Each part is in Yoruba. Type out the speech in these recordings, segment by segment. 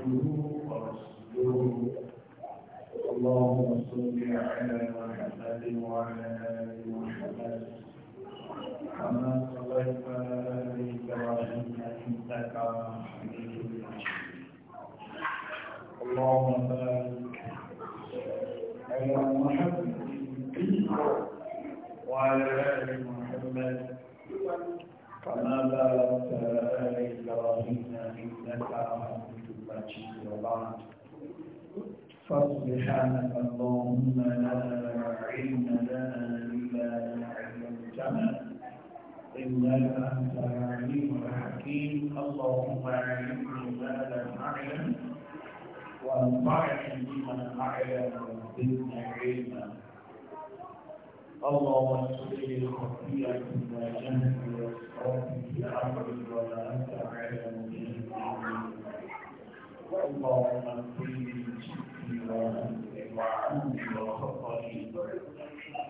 عبده ورسوله صل على محمد وعلى ال محمد كما صليت على ال ابراهيم انك حميد مجيد اللهم بارك على محمد وعلى ال محمد كما باركت على ال فسبحانك اللهم لا علم لنا إلا ما علمتنا إنك أنت العليم الحكيم اللهم علمنا ما لم أعلم وانفعني بما أعلم وزدنا علما اللهم اغفر لي خطيئتي وجهلي واسرافي في امري ولا انت اعلم به اللهم اغفر لي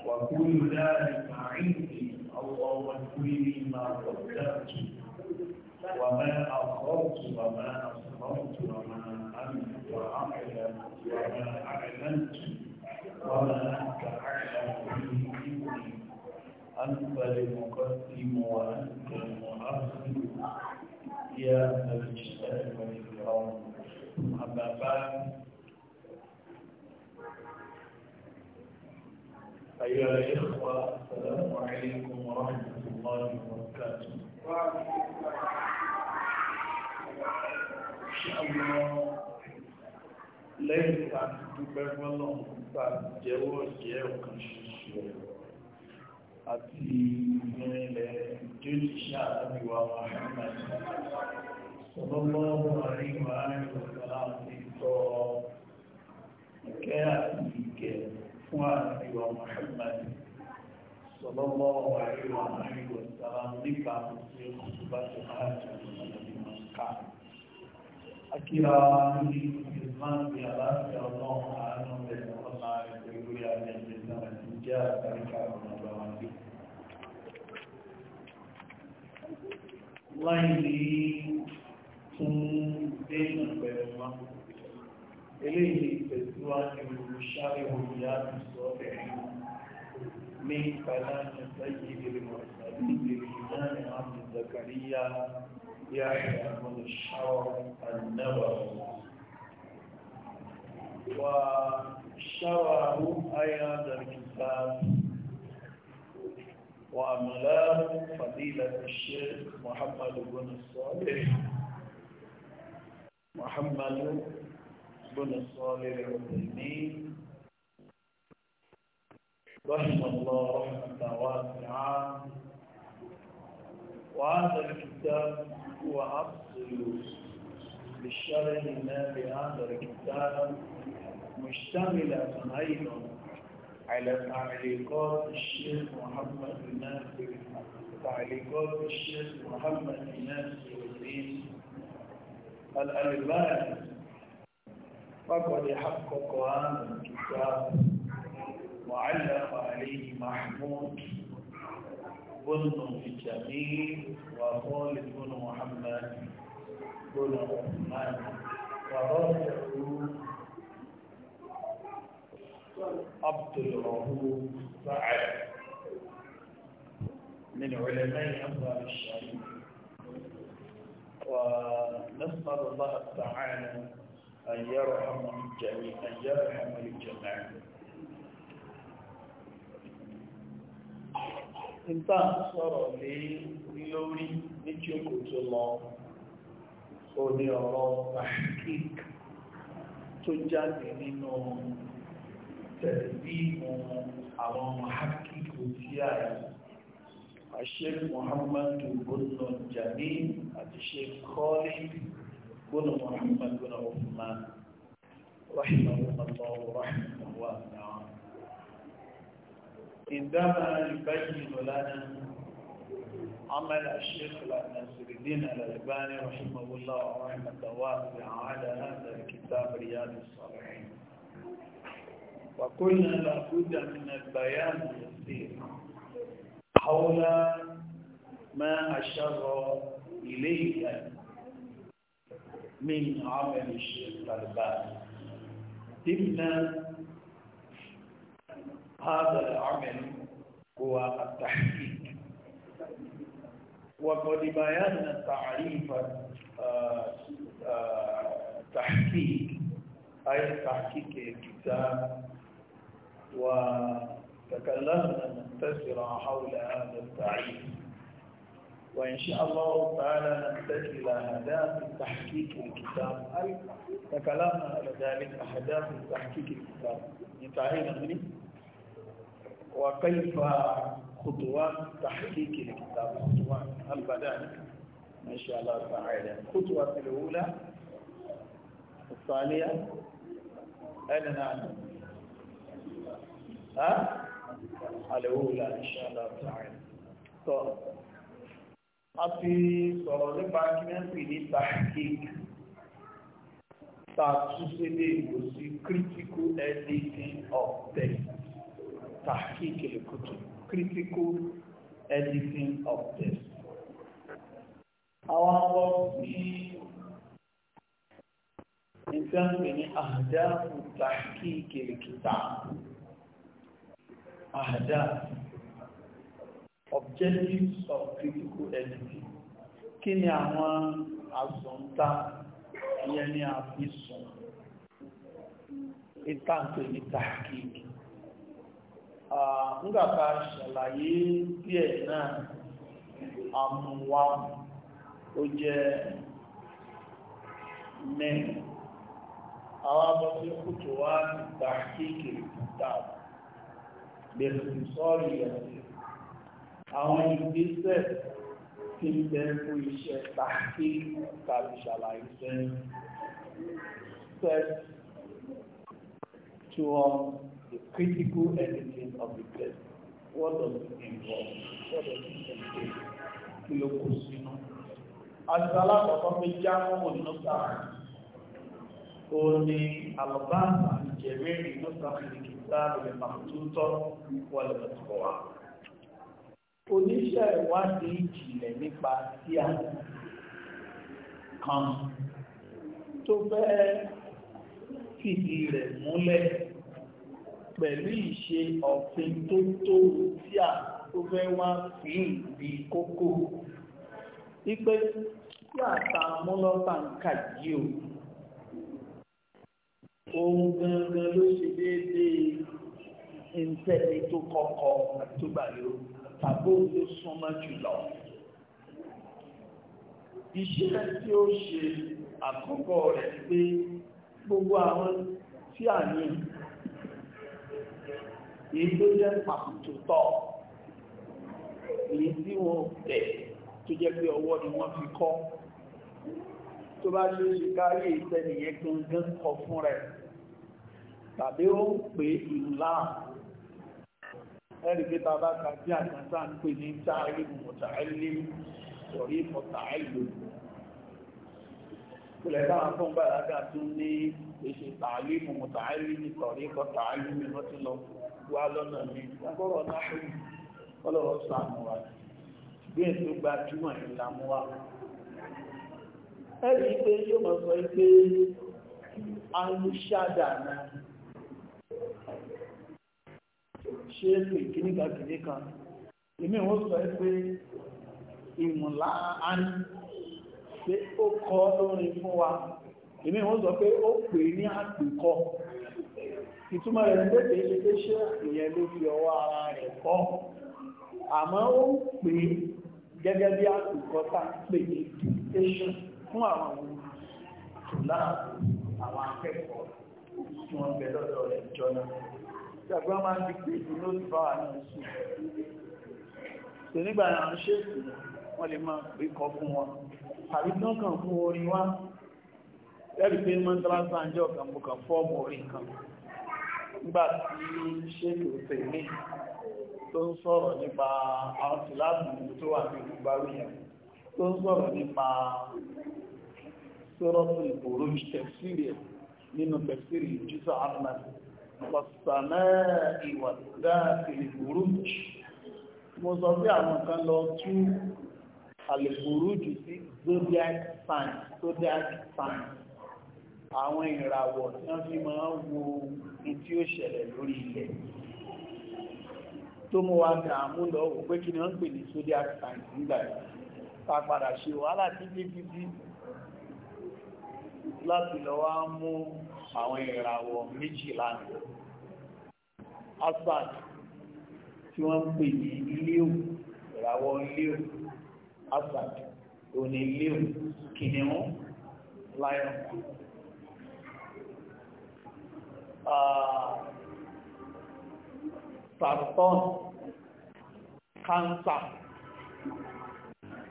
وكل ذلك عندي اللهم اغفر لي ما قدمت وما أخرت وما أسررت وما أمنت وأعلم وما أعلنت وما أنت أعلم به مني أنت المقدم وأنت المؤخر يا ذا أيها الإخوة السلام عليكم ورحمة الله وبركاته إن شاء الله lẹ́yìn tá a ti dúpẹ́ fọ́lọ́run tá a jẹ́wọ́ jẹ́ ọ̀kan ṣoṣo rẹ̀ àti ìrìnlẹ̀ jésùṣà àbíwá Muhammad sallallahu alaihi wa alihi wa sallam àti ìtọ́ ìkẹ́ àti ìkẹ́ fún àríwá Muhammad sọlọ́wọ́ àríwá àríwá sára nípa tí ó kù bá ti máa jẹ́ ọmọdé mọ́ká akíra ní ìsìláàmì aláàfẹ́ ọlọ́run àánú rẹ̀ ọ̀nà ẹ̀kọ́ ìwé àjẹ́jẹ́ náà ti jẹ́ àtàríkà ọmọdé wájú láì ní tún dé ìpẹ̀lú máa إليه تسوى المشارع بياد الصالحين من كلام سيد المرسلين الإمام عبد زكريا يحيى بن الشرع النبوي وشرعه أي هذا الكتاب وعملاه فضيلة الشيخ محمد بن الصالح محمد بن صالح العثيمين رحم الله رحمة واسعة وهذا الكتاب هو عبد للشرع ما بهذا الكتاب مشتملة أيضا على تعليقات الشيخ محمد الناصر تعليقات الشيخ محمد الناصر الدين الألباني فقد حقق هذا الكتاب وعلق عليه محمود بن الجميل وخالد بن محمد بن عثمان ورافعه عبد الرؤوف سعد من علماء أنظار الشريف ونسأل الله تعالى أن يرحم الجميع أن يرحم الجميع nígbà sọ̀rọ̀ lé lórí ní tí ó kò tó lọ ó ní ọ̀rọ̀ tahqiq tó jáde nínú tẹ̀lébíìmù àwọn mahakíkò tí a jami àti sheikh بن محمد بن عثمان رحمه الله رحمه واسعا عندما يبين لنا عمل الشيخ ناصر الدين الألباني رحمه الله رحمة واسعة على هذا الكتاب رياض الصالحين وقلنا لابد من البيان اليسير حول ما أشار إليه من عمل الشربان ضمن هذا العمل هو التحقيق وقد بينا تعريف التحقيق آه، آه، أي تحقيق الكتاب وتكلمنا مختصرا حول هذا التعريف وإن شاء الله تعالى نحتاج إلى أهداف تحقيق الكتاب أي تكلمنا على ذلك أهداف تحقيق الكتاب نتعين مني وكيف خطوات تحقيق الكتاب خطوات هل بدأنا إن شاء الله تعالى الخطوة الأولى الثانية أنا نعلم ها الأولى إن شاء الله تعالى طيب a ti sọ̀rọ̀ nípa kí wọ́n pè ní tactic tàtúnṣe lè lò sí critical editing of text tactic lèkútù critical editing of text. àwọn ọmọ sí nǹkan pè ní àdáàbò tactic lèkútà àdáàbò. objectives of critical energy. kí ni àwọn àsùntà ìyẹn ni a fi sùn ìtàǹtò ní nígbàtà ṣàlàyé díẹ̀ náà àmúwá ó jẹ́ mẹ́rin àwọn abọ́sí kùtù wá bẹ̀rẹ̀ àwọn ìgbésẹ̀ tí ń bẹ fún iṣẹ́ tàbí tàbí ṣàlàyé steps towards the critical editing of the test: What does it involve? What does it contain? Kí ló kó sínú? Àṣàlá kọ̀ọ̀kan fi já mọ́mọ́ nọ́ta. Ó ní àlọ́bá àti jẹ̀rẹ́rì nọ́ta fi kìtà lè máa tó tọ́ wọlé lọ́tọ̀ oníṣẹ́ ìwádìí ìjìnlẹ̀ nípa tí a kan tó fẹ́ fìdí rẹ̀ múlẹ̀ pẹ̀lú ìṣe ọ̀fin tó tó tí a tó fẹ́ wá sí ìbí kókó wípé tí àta múlọ́pàá ń kà o ohun gangan ló ṣe déédéé ìǹtẹ́ni tó kọ́kọ́ àtúgbàlérò tàbí òun ló súnmọ́ jùlọ. Iṣẹ́ tí ó ṣe àkọ́kọ́ rẹ̀ pé gbogbo àwọn tí a ní èyí tó jẹ́ pàtó tọ́ èyí tí wọ́n tẹ̀ tó jẹ́ pé ọwọ́ ni wọ́n fi kọ́ tó bá ṣe ṣe kárí ìtẹ́nìyàn gangan kọ fún rẹ̀ tàbí ó ń pè ìlú láàmù ẹ̀rìgbẹ́ta bá ka bí àtàtà ń pè ní táàrí mọ̀tàálí sọ̀rí mọ̀tàálù ìpìlẹ̀ táwọn fún bàlágà tún ní èṣe tààrí mọ̀tàálí ní sọ̀rí mọ̀tàálù ni wọ́n ti lọ wá lọ́nà mi lágbọ́rọ̀ náà kọ́lọ́rọ̀ sàmù wa bí ètò gbajúmọ̀ ìlàmú wa ẹ̀rí pé yóò mọ̀ sọ náà ṣe é pè kí nígbà kìíní kan èmi ò sọ ẹ pé ìmùlá án pé ó kọ lórin fún wa èmi ò sọ pé ó pè ní àpèkọ ìtumọ̀ rẹ̀ ní pé kìí ṣe pé ṣé ìyẹn ló fi ọwọ́ ara rẹ̀ kọ́ àmọ́ ó pè gẹ́gẹ́ bí àpèkọ tá à ń pè ní dictation fún àwọn ohun tó lára àwọn akẹ́kọ̀ọ́ tí wọ́n bẹ lọ́dọ̀ rẹ̀ jọ náà ṣàgbọ́n máa ń dìgbé ìdúró ti bá wà náà sùn tó nígbà náà ń ṣètò wọ́n lè máa pè kọ fún wọn tàbí tán kàn fún orin wá lẹ́rì pé mọ́ńtàlásá ń jọ kàn mọ́ kàn fọ́ọ̀mù orin kan nígbà tí ṣètò tèmi tó ń sọ̀rọ̀ nípa àwọn tìláàbù tó wà ní ìgbàlóyè tó ń sọ̀rọ̀ nípa sọ́rọ̀ fún ìbòrò ìṣẹ̀sírí nínú tẹ̀sírí jísọ̀ ahmed wàsàmẹ́ ìwàdá ìlúrújì mo sọ pé àwọn kan lọ tú àlèkùrújì sí zodiac sign zodiac sign àwọn ìràwọ̀ tí wọ́n fi máa ń wo ohun tí ó ṣẹlẹ̀ lórí ilẹ̀ tó mú wa dààmú lọ wò pé kí ni wọ́n pè ní zodiac sign nígbà yìí ta ṣe wàhálà títí títí láti lọ wá mú àwọn ìràwọ̀ méjìlá ni asbad tí wọ́n ń pè ní leo ìràwọ̀ leo asbad òní leo kìnìún lion sarton cancer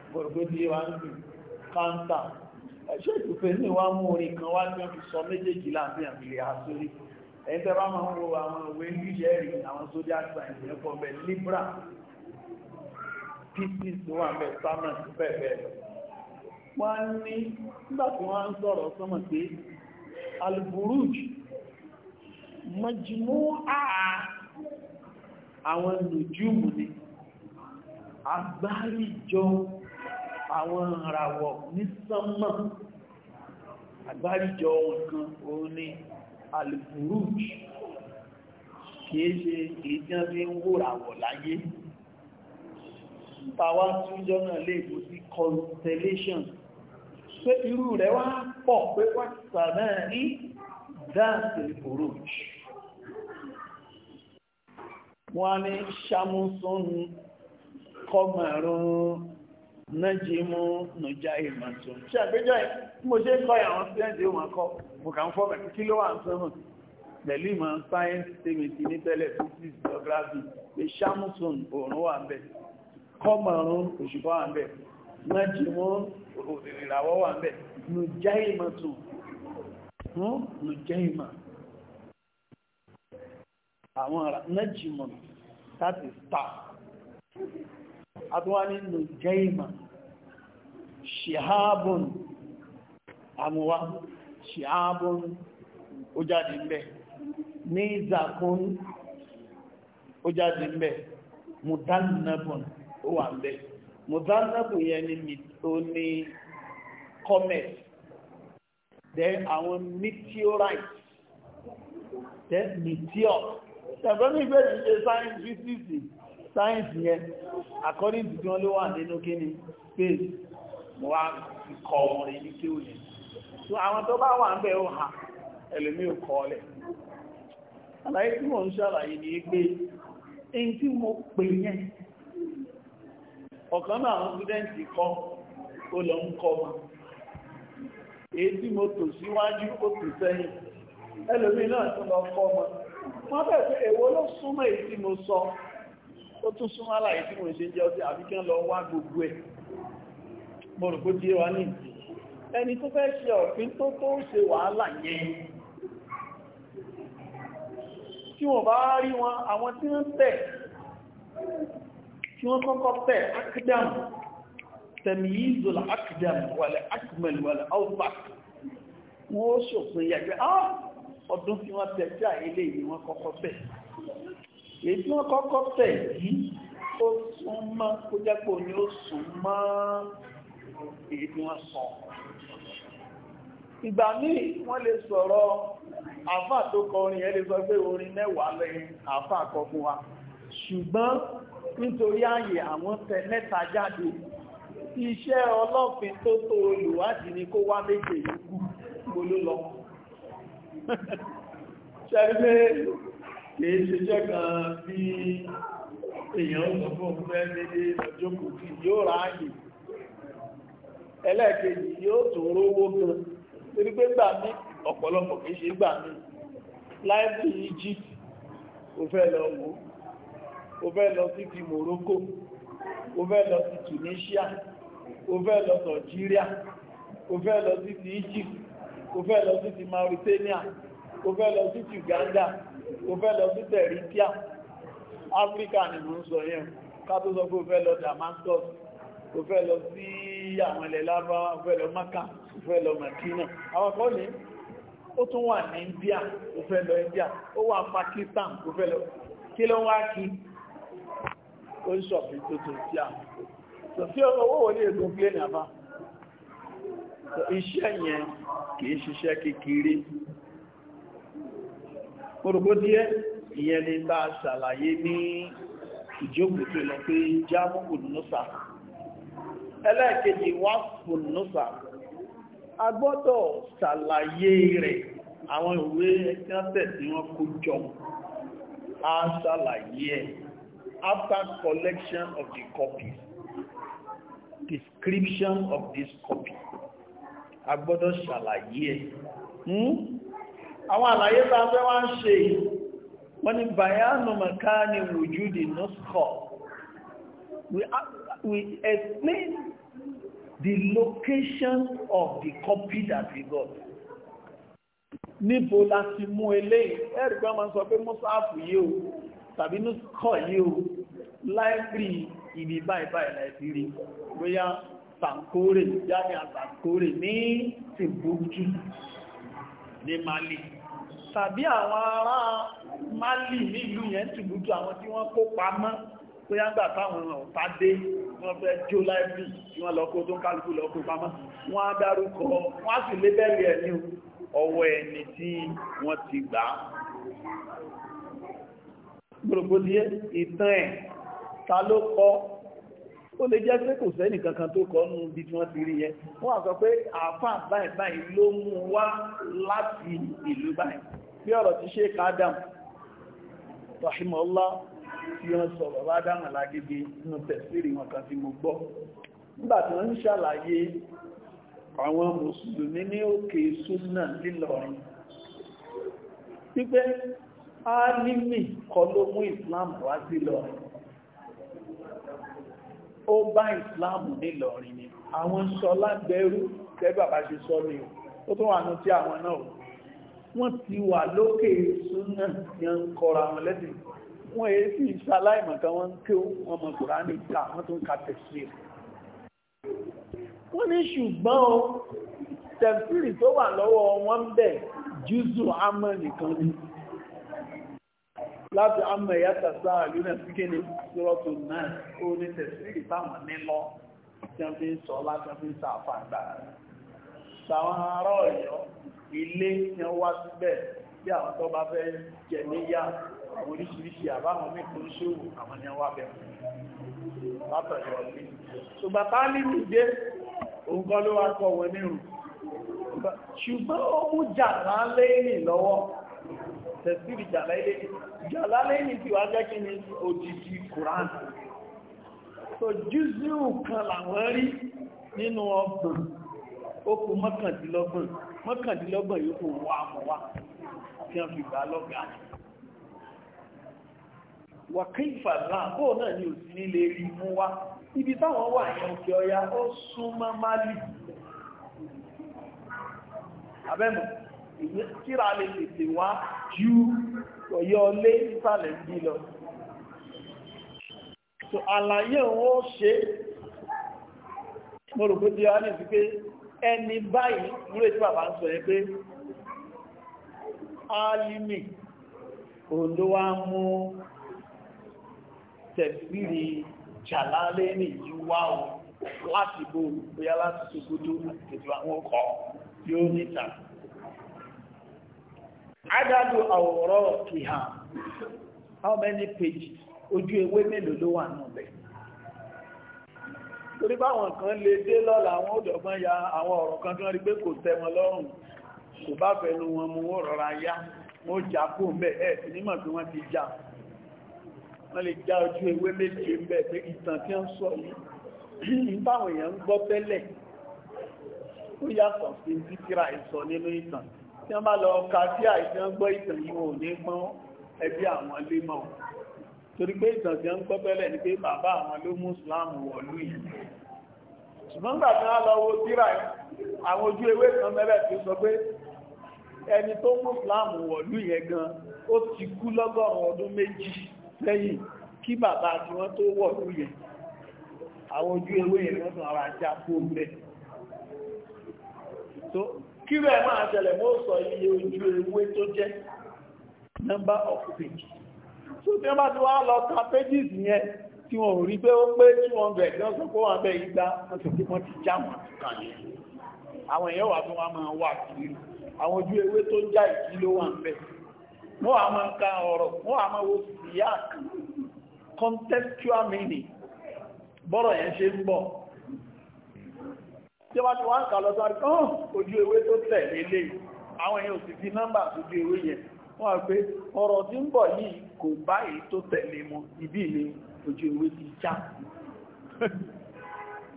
gbogbo tí wọ́n ń pè cancer ẹ̀ṣẹ́ ìtùfẹ́ ní wá mú orin kan wá ní ọdún sọ méjèèjì láàrin àmìlẹ̀ àtórí ẹ̀yìn tẹ́ bá máa ń wo àwọn òwe níṣẹ́ rí àwọn sójà sáyẹ̀nsì ẹ̀kọ́ bẹ̀ libra pieces tó wà bẹ̀ sámẹ̀ bẹ́ẹ̀ bẹ́ẹ̀ lọ wọ́n ní nígbà tí wọ́n ń sọ̀rọ̀ sọ́mọ̀ pé alburuj mọ́jìmú àà àwọn lòjúmù ni àgbáríjọ àwọn ìràwọ̀ ní sánmà àgbáríjọ nǹkan òun ni alifuruj kìí ṣe èyàn fi ń wòràwọ̀ láyé tàwa túnjọ́ náà lè bó sí constellation pé irú rẹ̀ wá pọ̀ pé wáṣà náà ní dáàtì alifuruj wọ́n ní ṣàmúsùn kọmọ̀rún nájí mú nùjá ìmọ̀ tó ṣe àgbéjọ́ ẹ̀ mo ṣe kọ́ àwọn sílẹ̀ǹdì ó máa kọ́ mo kà ń fọ́ mẹ́kú kí ló wà ń sọ́hàn pẹ̀lú ìmọ̀ sáyẹ́ǹsì tèmìtì ní physics geography pé shamsun òòrùn wà ń bẹ̀ kọ́mọ̀rún òṣùpá wà ń bẹ̀ nájí mú ìràwọ̀ wà ń bẹ̀ nùjá ìmọ̀ ìmọ̀ àwọn nájí mọ̀ that is star àtúnwà ní nùjẹ́ìmà ṣìhábùn àmúwá ṣìhábùn ó jáde ń bẹ̀ ní ìzàkún ó jáde ń bẹ̀ mùdánàbùn ó wà ń bẹ̀ mùdánàbùn yẹn ni ó ní comet then àwọn meteorite then meteor ṣẹ̀gbọ́n ní ìgbẹ̀rẹ̀ ìṣẹ́ science physics sáyẹ̀nsì yẹn according to wọn ló wà nínú kíni space mo kọ orin ní kí ó so àwọn tó bá wà ń bẹ̀ ó hà ẹlòmí ò kọ́ ọlẹ̀ àlàyé tí mo ń ṣàlàyé ní pé èyí tí mo pè yẹn ọ̀kan náà àwọn lọ ń kọ́ èyí tí mo tò síwájú ó tò sẹ́yìn ẹlòmí ma wọ́n bẹ̀ pé èwo ló súnmọ́ èyí sọ ó tún súnmọ́ àlàyé tí mo ṣe jẹ́ ọdí àbíkẹ́ lọ wá gbogbo ẹ̀ mọ̀rùn kó díẹ̀ wá ní ẹni tó fẹ́ ṣe ọ̀fin tó tó ṣe wàhálà yẹn tí wọ́n bá rí wọn àwọn tí wọ́n tẹ̀ tí wọ́n kọ́kọ́ tẹ̀ akdam tẹ̀míyízo la akdam wàlẹ̀ akmel wàlẹ̀ outback wọ́n ó ṣòfin yàgbẹ́ ah! ọdún tí wọ́n tẹ̀ tí à ilé ìwọ̀n kọ́kọ́ tẹ̀ èyí tí wọ́n kọ́kọ́ tẹ̀ yìí ó sún mọ́ kó jẹ́pọ̀ ni ó sún mọ́ èyí tí wọ́n sọ ìgbà míì wọ́n lè sọ̀rọ̀ àfà tó kọ orin ẹ lè sọ pé orin mẹ́wàá lẹ́yìn àfà kọ fún wa ṣùgbọ́n nítorí ààyè àwọn tẹ mẹ́ta jáde iṣẹ́ ọlọ́fin tó tó olùwádìí ni kó wá méje ìlú kú gbóló lọ ṣẹ́rí kìí ṣiṣẹ́ kan bí èèyàn ó sọ fún ọmọ ẹgbẹ́ ọjọ́ kò kí yóò ráàyè ẹlẹ́ẹ̀kejì yóò tó rówó gan torí pé gbà mí ọ̀pọ̀lọpọ̀ kìí ṣe gbà mí láìpẹ́ Egypt ó fẹ́ lọ wò ó fẹ́ lọ sí ti Morocco ó fẹ́ lọ sí Tunisia ó fẹ́ lọ sí Algeria ó fẹ́ lọ sí ti Egypt ó fẹ́ lọ sí ti Mauritania ó fẹ́ lọ sí ti Uganda o fẹ́ lọ sí tẹ̀rítíà áfíríkà ni mo ń sọ yẹn ká tó sọ pé o fẹ́ lọ Damascus o fẹ́ lọ sí àwọn ilẹ̀ lábáwá o fẹ́ lọ Maka o fẹ́ lọ Makina àwọn kan ní ó tún wà ní India o fẹ́ lọ India ó wà Pakistan o fẹ́ lọ kí ló wá kí ó ń ṣọ̀fí tó tó tí a sọ̀fí owó wọ́n ní ètò plane àbá iṣẹ́ yẹn kìí ṣiṣẹ́ kékeré Gbogbo díẹ̀, ìyẹn ni bá ṣàlàyé ní ìjókòó tó lọ pé jámùkù nùsà. Ẹlẹ́ẹ̀kejì wá fún nùsà. A gbọ́dọ̀ ṣàlàyé rẹ̀ àwọn ìwé ẹ̀kẹ́ tí wọ́n kó jọ. A ṣàlàyé ẹ̀ after collection of the copies. Description of this copy. A gbọ́dọ̀ ẹ̀. Hmm? àwọn àlàyé tá a fẹ́ wá ń ṣe wọ́n ní bayanu makani wujudi nuskha we, we explain the location of the copy that we got níbo la ti mú eléyìí ẹ̀rí pé wọ́n máa ń sọ pé mọ́sáàfù yìí o tàbí nuskha yìí o láìpìrì ibi báyìí báyìí láìpìrì bóyá Sankore jáde àtàkórè ní Timbuktu ní Mali tàbí àwọn ará Málì nílùú yẹn tìlútù àwọn tí wọ́n kó pamọ́ tó yá ń gbà táwọn ọ̀tá dé wọ́n fẹ́ jó láìpì tí wọ́n lọ́kó tó ń kálukú lọ́kó pamọ́ wọ́n á dárúkọ wọ́n á sì lébẹ̀rẹ̀ ẹ̀ ní ọwọ́ ẹni tí wọ́n ti gbà á gbòrògbòdíyé ìtàn ẹ̀ ta ló kọ́ ó lè jẹ́ pé kò sẹ́nì kankan tó kọ́ nù bí tí wọ́n ti rí yẹn wọ́n á sọ pé àáfàá báyìí báyìí ló mú wá láti ìlú báyìí bí ọ̀rọ̀ ti ṣe kádàm rahimahullah tí wọ́n sọ bàbá dáhùn alágége nínú tẹ̀sírì wọn kan tí mo gbọ́ nígbà tí wọ́n ń ṣàlàyé àwọn mùsùlùmí ní òkè súnà nílọrin wípé alimi kọ́ ló mú islam wá sí lọrin ó bá islam nílọrin ni àwọn sọlá gbẹrú tẹ́ ṣe sọ ni ó tó wà ní tí àwọn náà wọ́n ti wà lókè súnà ní ọ ń kọra wọn lẹ́sìn wọ́n èé sì ṣaláìmọ̀ kan wọ́n ń ké wọn mọ̀ kùránì ká wọ́n tún ka tẹ̀sí wọ́n ní ṣùgbọ́n o tẹ̀sírì tó wà lọ́wọ́ wọn ń bẹ̀ jùzù amọ̀ nìkan ni láti amọ̀ ẹ̀yà tàṣà àlúnà síkéni sọ́rọ̀tò náà ó ní tẹ̀sírì táwọn nílọ tí wọ́n fi ń sọ láti wọ́n fi ń sàfà gbà ilé tí wọ́n wá síbẹ̀ bí àwọn tó bá fẹ́ jẹ níyà àwọn oríṣiríṣi àbáwọn mẹ́kùn ṣòwò àwọn ni wọ́n wá bẹ̀ látọ̀lẹ̀ ọ̀lẹ́ ṣùgbọ́n bá nínú dé òun kọ́ ló wá kọ́ wọn nírù ṣùgbọ́n ó mú jàlá lọ́wọ́ tẹ̀síbì jàlá lẹ́yìn so jùzù kan làwọn rí ó kú mọ́kàndínlọ́gbọ̀n mọ́kàndínlọ́gbọ̀n yóò kú wá mọ́ wá kí wọ́n fi gbà lọ́gàá wàkífà náà kó náà ni ò sí nílé rí mú wá ibi táwọn wà ní òkè ọya ó súnmọ́ málì abẹ́mù kíra lè tètè wá ju ọ̀yọ́ lé ìsàlẹ̀ bí lọ so àlàyé wọn ó ṣe mo rò pé bí a ní ti ẹni báyìí múlé tí bàbá ń sọ ẹ alimi olówá mú tẹ̀síri jàlálẹ́ ní ìyíwá o láti bó bóyá láti ṣogójó àti tẹ̀síwá níta adadu àwòrán kìhàn how many pages ojú ewé mélòó ló wà náà torí báwọn kan lè dé lọ́la àwọn òdọ̀gbọ́n ya àwọn ọ̀rọ̀ kan tó rí pé kò tẹ́ wọn lọ́rùn kò bá fẹ́nu wọn mú wọ́n rọra yá wọ́n já kó mẹ́ ẹ̀ sí nímọ̀ tí wọ́n ti já wọ́n lè já ojú ewé méje ń bẹ̀ pé ìtàn tí wọ́n sọ yìí báwọn èèyàn ń gbọ́ tẹ́lẹ̀ ó yàtọ̀ sí títíra ìsọ nínú ìtàn tí wọ́n bá lọ ka sí àìsàn gbọ́ ìtàn yìí wọn ò ní pọ́n ẹbí àwọn lé mọ́ torí pé ìtànjẹ́ ń kọ́pẹ́lẹ̀ ní pé bàbá àwọn ló mú Islam wọ̀lú yìí ṣùgbọ́n gbà tí wọ́n lọ wo tíra àwọn ojú ewé kan mẹ́rẹ̀ tí ó sọ pé ẹni tó mú Islam wọ̀lú yẹn gan ó ti kú lọ́gọ́rùn ọdún méjì lẹ́yìn kí bàbá tí wọ́n tó wọ̀lú yẹn àwọn ojú ewé yẹn wọ́n tún ara já fún bẹ́ẹ̀ so kí rẹ̀ máa ṣẹlẹ̀ mọ́ sọ iye ojú ewé tó jẹ́ number of pages tó tí wọ́n bá ti wá lọ ka pages yẹn tí wọ́n rí pé ó pé 200 tí wọ́n sọ pé wọ́n bẹ́ igba wọ́n ti wọ́n ti já wọn kàn yẹn àwọn èèyàn wà fún wa máa wà kiri àwọn ojú ewé tó ń já ìkí ló wà ń bẹ̀ wọ́n wà máa ka ọ̀rọ̀ wọ́n wà máa wo siyak contextual meaning bọ́rọ̀ yẹn ṣe ń bọ̀ tí wọ́n ti wá ń kà lọ sọ́rí ọ́n ojú ewé tó tẹ̀lé lé àwọn èèyàn ò sì fi nọ́mbà ojú ewé yẹn wọ́n wà pé ọ̀rọ̀ tí ń bọ̀ yìí kò bá èyí tó tẹ̀lé mu ibi ni ojú ewé ti já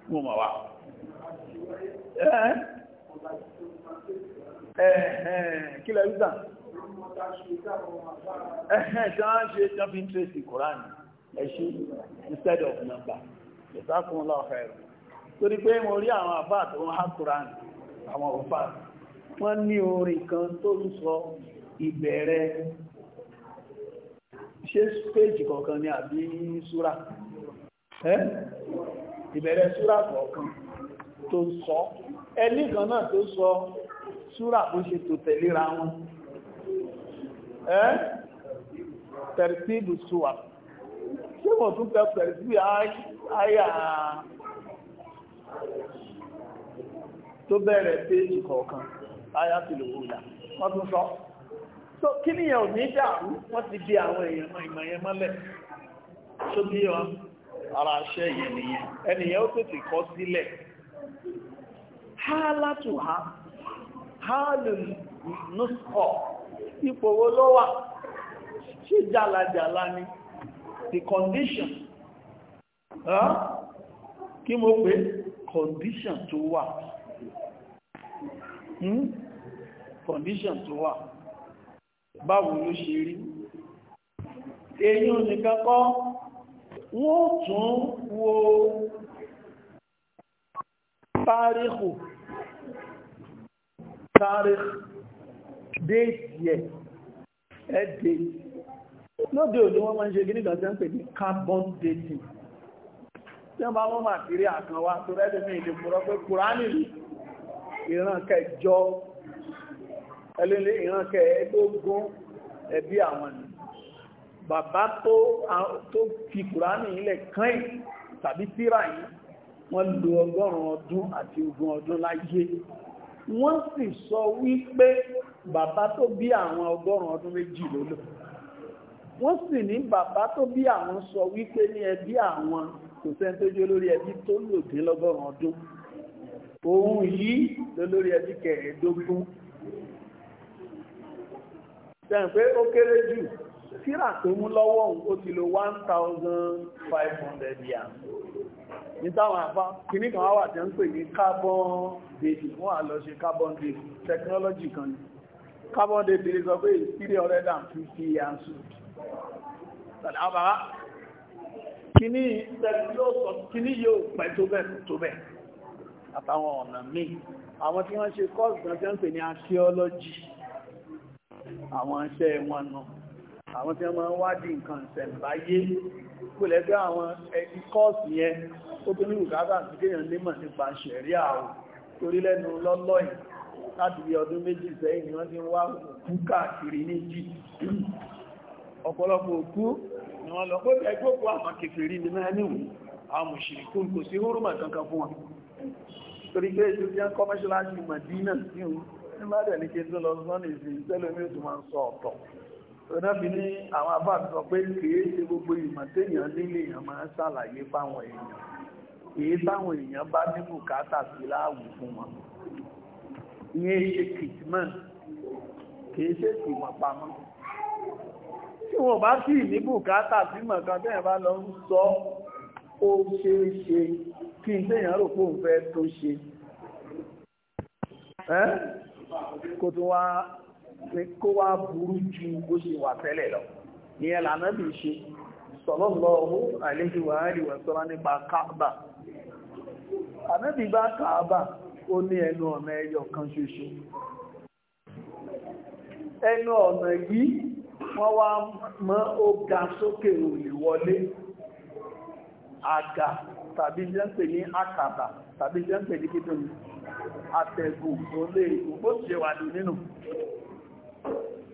mú ma wá kí lẹ́ rúgbà ẹ̀hẹ́ tí wọ́n ṣe instead of number ìsákun lọ́fẹ́ rẹ̀ torí pé mo rí àwọn àbá tó ń há Quran àwọn òfà ṣe péjì kọ̀ọ̀kan ni àbí súra ìbẹ̀rẹ̀ súra kọ̀ọ̀kan tó sọ ẹni kan náà tó sọ súra bó ṣe tó tẹ̀léra wọn tẹ̀rẹ̀tíbù súwà ṣé wọ́n tún tẹ́ tẹ̀rẹ̀tíbù àyà tó bẹ̀rẹ̀ péjì kọ̀ọ̀kan àyà tìlòwòlà wọ́n tún sọ so kí nìyẹn ò ní wọ́n ti di àwọn èèyàn mọ ìmọ̀ yẹn mọ́lẹ̀ tó bí wọn ara ṣẹ́ yẹn nìyẹn ha látù ha ha lè nùsọ̀ ipò wo ló wà ṣé jàlàjàlà ni the condition kí mo pè condition tó wà hmm? condition tó wà. báwo ló ṣe rí èyí nìkan kọ́ wọ́n tún wo tàríkù tàríkù déètì ẹ̀ ẹ̀dẹ̀ lóde òní wọ́n máa ń ṣe gínígbà tí wọ́n pè ní carbon dating tí wọ́n bá mọ́ màtírí àkànwá tó rẹ́dẹ̀mí ìdìkúrọ́ pé kùránì ìran kẹjọ ẹlẹ́lẹ́ ìránkẹ́ ẹ tó gún ẹbí àwọn ni bàbá tó fi kùránì ilẹ̀ kan tàbí tíra yìí wọ́n lo ọgọ́rùn ọdún àti ogún ọdún láyé wọ́n sì sọ wípé bàbá tó bí àwọn ọgọ́rùn ọdún méjì ló lò wọ́n sì ní bàbá tó bí àwọn sọ wípé ní ẹbí àwọn kò sẹ́ni tó jẹ́ lórí ẹbí tó lòdínlọ́gọ́rùn ọdún òun yìí lólórí ẹbí kẹẹ̀ẹ́dógún tẹ́yìn pé ó kéré jù tíra tó mú lọ́wọ́ ó ti lo 1500 yà ní táwọn àfá kìíní kan wà tẹ́ ń pè ní carbon dating wọ́n à carbon dating technology kan ní carbon dating sọ pé 350 years old àbára kìíní kìíní yóò pẹ́ tó bẹ̀ tó bẹ̀ àtàwọn ọ̀nà míì àwọn tí wọ́n ṣe course kan tẹ́ ń pè ní archaeology àwọn iṣẹ́ wọn nù àwọn tí wọ́n máa ń wádìí nǹkan ìṣẹ̀ǹbáyé kò lẹ́gbẹ́ àwọn ẹni kọ́ọ̀sì yẹn ó tó ní bùkátà sí kéèyàn nímọ̀ nípa ṣẹ̀ríà o torí lẹ́nu lọ́lọ́ yìí láti bí ọdún méjì sẹ́yìn ni wọ́n ti ń wá òkú káàkiri ní jì ọ̀pọ̀lọpọ̀ òkú ni wọ́n lọ pé ẹgbẹ́ òkú àwọn kèfèrí ni náà níwò àwọn mùsùlùmí kò sí húrùmọ̀ kankan fún wọn torí pé ètò ìjẹ́ kọ́mọ́ṣọ́láṣì Mádínà sí òun ní ní kí tó lọ sọ́nà ìsìn tẹ́lẹ̀ mi tún máa ń sọ ọ̀tọ̀ tọ́dábí ní àwọn àbá sọ pé kìí ṣe gbogbo ìmọ̀ téèyàn nílé èèyàn máa ń ṣàlàyé fáwọn èèyàn èyí táwọn èèyàn bá ní bùkátà sí láàwù fún wọn ìyẹn ṣe kìtìmọ̀ kìí ṣe ìmọ̀ pamọ́ tí wọ́n bá sì ní bùkátà sí mọ̀kan tẹ́yàn bá lọ ń sọ ó ṣeé ṣe kí n tẹ́yàn rò pé òun fẹ́ tó ṣe kó tó wá kó wá burú ju bó ṣe wà tẹ́lẹ̀ lọ ìyẹn lànà bí ṣe sallallahu alaihi wa alihi wa sallam nípa káàbà ànábì bá ó ní ẹnu ọ̀nà ẹyọ kan ṣoṣo ẹnu ọ̀nà yìí wọ́n wá mọ́ ó ga sókè òlè wọlé àga tàbí jẹ́ ń pè ní àkàbà tàbí jẹ́ ń pè ní kíkọ́ ní àtẹ̀gùn olè ègùn bó ṣe wà ní nínú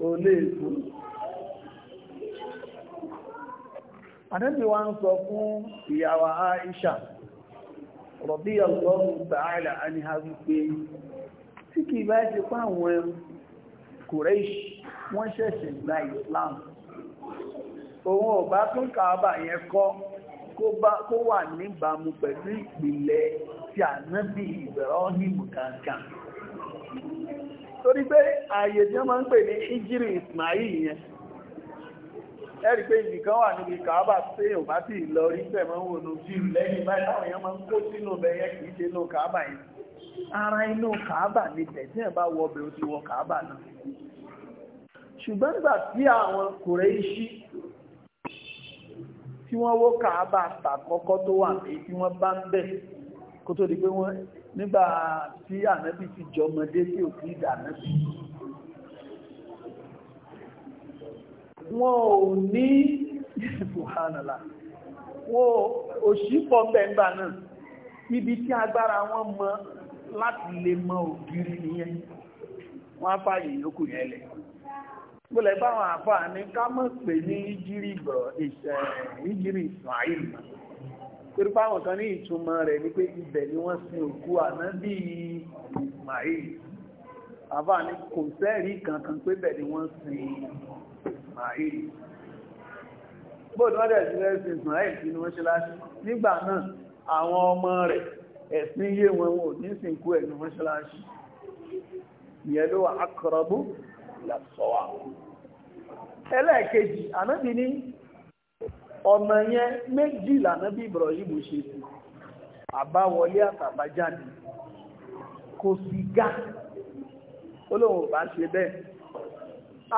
olè ègùn àdẹ́bí wa ń sọ fún ìyàwó Aisha rọ̀bí ọlọ́run tààlà àníhà wípé tí kìí bá ṣe fáwọn Kùrẹ́ṣì wọ́n ṣẹ̀ṣẹ̀ Islam òun ò bá tún kàábà yẹn kọ́ kó wà níbàámu pẹ̀lú ìpìlẹ̀ ti ànábì Ibrahim kankan torí pé ààyè tí wọ́n máa ń pè ní Hijri Ismail yẹn ẹ̀rí pé ìbìkan wà níbi kàábà tí ò bá tí lọ rí tẹ̀mọ́ wò ló lẹ́yìn báyìí táwọn èèyàn máa ń kó sínú bẹ̀yẹ kìí ṣe inú kàábà yẹn ara inú kàábà ni tẹ̀sí ẹ̀ bá wọ ọbẹ̀ ó ti tí wọ́n wó kàábà tàkọ́kọ́ tó wà ní tí wọ́n bá ń bẹ̀ kó tó di pé wọ́n nígbà tí ànábì ti jọmọdé tí ò fi dànábì wọn ò ní ìfòhánàlá wọn òṣìpọ̀ bẹ̀ngbà náà níbi tí agbára wọn mọ láti lè mọ ògiri nìyẹn wọ́n á fàyè yókù yẹn lẹ́yìn gbọ́lẹ̀ báwọn àfáà ní ká mọ̀ pé ní ìjírí ìbọ̀ ìjírí Ismail torí báwọn kan ní ìtumọ̀ rẹ̀ ní pé ibẹ̀ ni wọ́n sin òkú ànábì Ismail àfáà ní kò sẹ́rí kankan pé bẹ̀ ni wọ́n sin Ismail bóòdó ọdẹ ìsinmi ẹsìn Ismail tí ni wọ́n ṣe láti nígbà náà àwọn ọmọ rẹ̀ ẹ̀sìn yé wọn ò ní sìnkú ẹ̀ ni wọ́n ṣe láti ìyẹn ló wà akọrọbú làṣọwà. ẹlẹ́ẹ̀kejì ànábì ní ọ̀nà yẹn méjì lànábì Ibrahim ṣe sí àbáwọlé àtàbájáde kò sí gá olóhùn bá ṣe bẹ́ẹ̀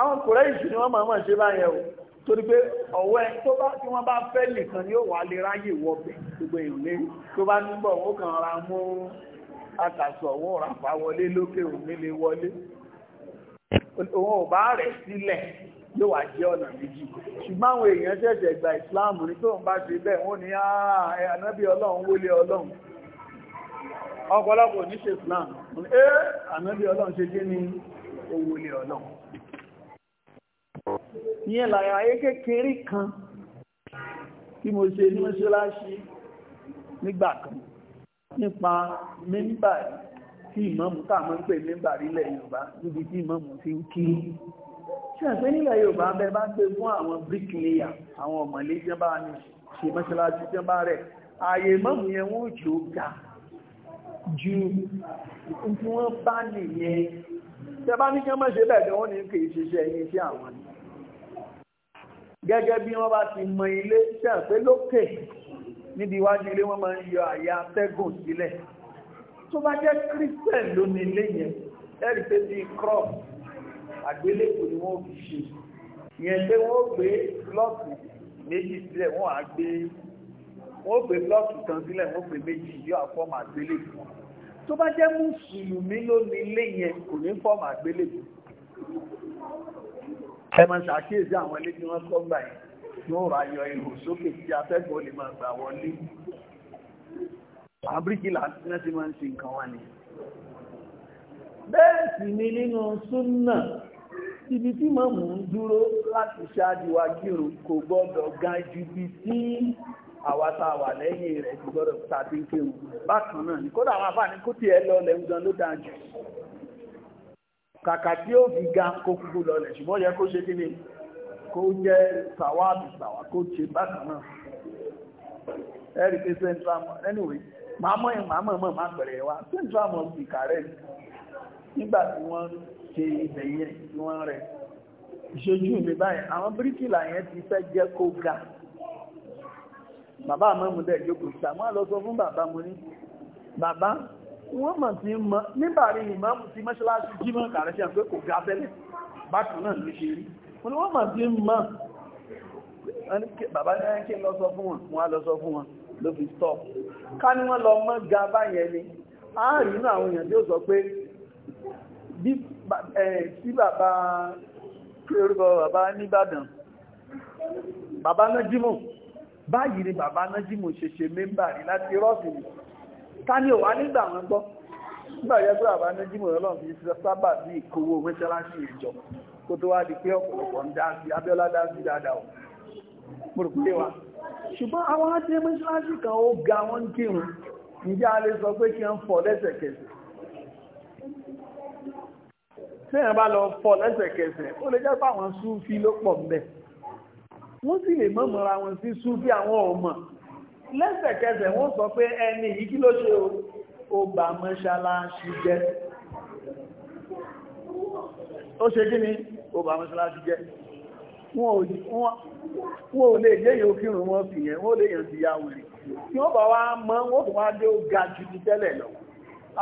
àwọn kòrẹ́ìsì ni wọ́n máa mọ̀ ṣe báyẹ̀ o torí pé ọ̀wọ́ ẹ tó bá tí wọ́n bá fẹ́ nìkan ni ó wà lè ráyè wọ́bẹ̀ gbogbo ìrùlé tó bá nígbọ̀ ó kàn ra mú àtàṣọ̀ ràpá wọlé lókè òní lè wọlé òun ò bá rẹ̀ sílẹ̀ yóò wá jẹ́ ọ̀nà méjì ṣùgbọ́n àwọn èèyàn ṣẹ̀ṣẹ̀ gba Islam ní tóun bá ṣe bẹ́ẹ̀ wọ́n ní ànábì ọlọ́run wọlé ọlọ́run ọ̀pọ̀lọpọ̀ ní ṣe Islam ẹ́ ànábì ọlọ́run ṣe jẹ́ ní owólé ọlọ́run ìyẹn làyà ayé kékeré kan tí mo ṣe ní mọ́ṣáláṣí nígbà kan nípa mímbà tí ìmáàmù táàmọ́ ń pè nígbà rílẹ̀ Yorùbá níbi tí ìmáàmù ti ń kí ṣe àpẹ́ nílẹ̀ Yorùbá bẹ bá gbé fún àwọn bíríkìlìyà àwọn ọ̀mọ̀lé jẹ́ bá ní ṣe mọ́ṣáláṣí jẹ́ bá rẹ̀ ààyè ìmáàmù yẹn wọ́n jò ga ju tí wọ́n bá nìyẹn tẹ bá ní kí wọ́n ṣe bẹ̀ẹ̀ wọ́n ní kì í ṣiṣẹ́ yín sí àwọn ni gẹ́gẹ́ bí wọ́n bá ti mọ ilé ṣe àpẹ́ lókè níbi iwájú ilé wọ́n máa ń yọ àyà atẹ́gùn sílẹ̀ tó bá jẹ́ christian ló ní ilé yẹn ẹ̀rí pé bíi crop àgbélébù ni wọ́n fi ṣe ìyẹn pé wọ́n gbé blọọkì méjì sílẹ̀ wọ́n á gbé wọ́n gbé blọọkì kan sílẹ̀ wọ́n gbé méjì yóò àfọ́mù àgbélébù tó bá jẹ́ mùsùlùmí ló ní kò ní fọ́mù àgbélébù ẹ máa ṣàkíyèsí àwọn ilé tí wọ́n kọ́ gbà tí wọ́n rà yọ ihò sókè tí afẹ́fẹ́ lè máa gbà wọlé àbríkìlà tí wọ́n ti máa ń ṣe nǹkan wá ní bẹ́ẹ̀ sì ni nínú súnnà ibi tí mọ́ mú ń dúró láti ṣáájúwá kírun kò gbọ́dọ̀ ga ju bí tí àwátá wà lẹ́yìn rẹ̀ ti gbọ́dọ̀ tàbí kírun bákan náà ní kódà àwọn àbá ní kó tí ẹ lọ lẹ́hún gan ló dáa jù kàkà tí ó fi ga kó kúkú lọlẹ̀ ṣùgbọ́n yẹ kó ṣe kíni kó jẹ́ sàwáàbì sàwà kó ṣe bákan náà ẹ̀rí pé central anyway màmọ́ ẹ̀ màmọ́ mọ́ máa bẹ̀rẹ̀ wá tí ń sọ àmọ́ ìkà rẹ̀ nígbà tí wọ́n ṣe ibẹ̀ yẹn tí wọ́n rẹ̀ ìṣojú mi báyìí àwọn bíríkìlà yẹn ti fẹ́ jẹ́ kó ga bàbá àmọ́ mú dẹ̀ jókòó sàmọ́ lọ sọ fún bàbá mo ní bàbá wọ́n mọ̀ tí mọ́ níbàrí ìmọ̀mù tí mọ́ṣáláṣí jímọ̀ kàrẹ́ sí àpé kò ga bẹ́lẹ̀ bákan náà ló ṣe rí wọ́n mọ̀ tí mọ́ bàbá ní kí lọ sọ fún wọn wọ́n á lọ sọ fún wọn ló fi stop ká ní wọ́n lọ mọ́ ga báyẹn ni a rí inú àwọn èèyàn tí ó sọ pé bí bàbá kí orúkọ bàbá nìbàdàn bàbá nájímọ̀ báyìí ni bàbá nájímọ̀ ṣe ṣe mẹ́mbà rí láti rọ́ọ̀sì ká ní òwá nígbà wọn gbọ́ nígbà yẹ pé bàbá nájímọ̀ ọlọ́run fi sábà bí ìkówó mẹ́sàlásì ìjọ kó tó wá di pé ọ̀pọ̀lọpọ̀ ń dá sí Abíọ́lá dá sí dáadáa ò mo rò wa ṣùgbọ́n àwọn àti mọ́ṣáláṣí kan ó ga wọ́n kírun ǹjẹ́ a lè sọ pé kí wọ́n fọ́ lẹ́sẹ̀kẹsẹ̀ tí èèyàn bá lọ fọ́ lẹ́sẹ̀kẹsẹ̀ ó lè jẹ́ fáwọn súnfí ló pọ̀ ń bẹ̀ wọ́n sì lè mọ̀ mọ́ra wọn sí súnfí àwọn ọmọ lẹ́sẹ̀kẹsẹ̀ wọ́n sọ pé ẹni yìí kí ló ṣe ó bà mọ́ṣáláṣí jẹ́ ó ṣe kí ni ó bà mọ́ṣáláṣí jẹ́ wọn ò lè yé yóò kírun wọn fi yẹn wọn ò lè yàn sí ya wèrè tí wọ́n bá wá mọ́ wọ́n tó wá dé ó ga jù ti tẹ́lẹ̀ lọ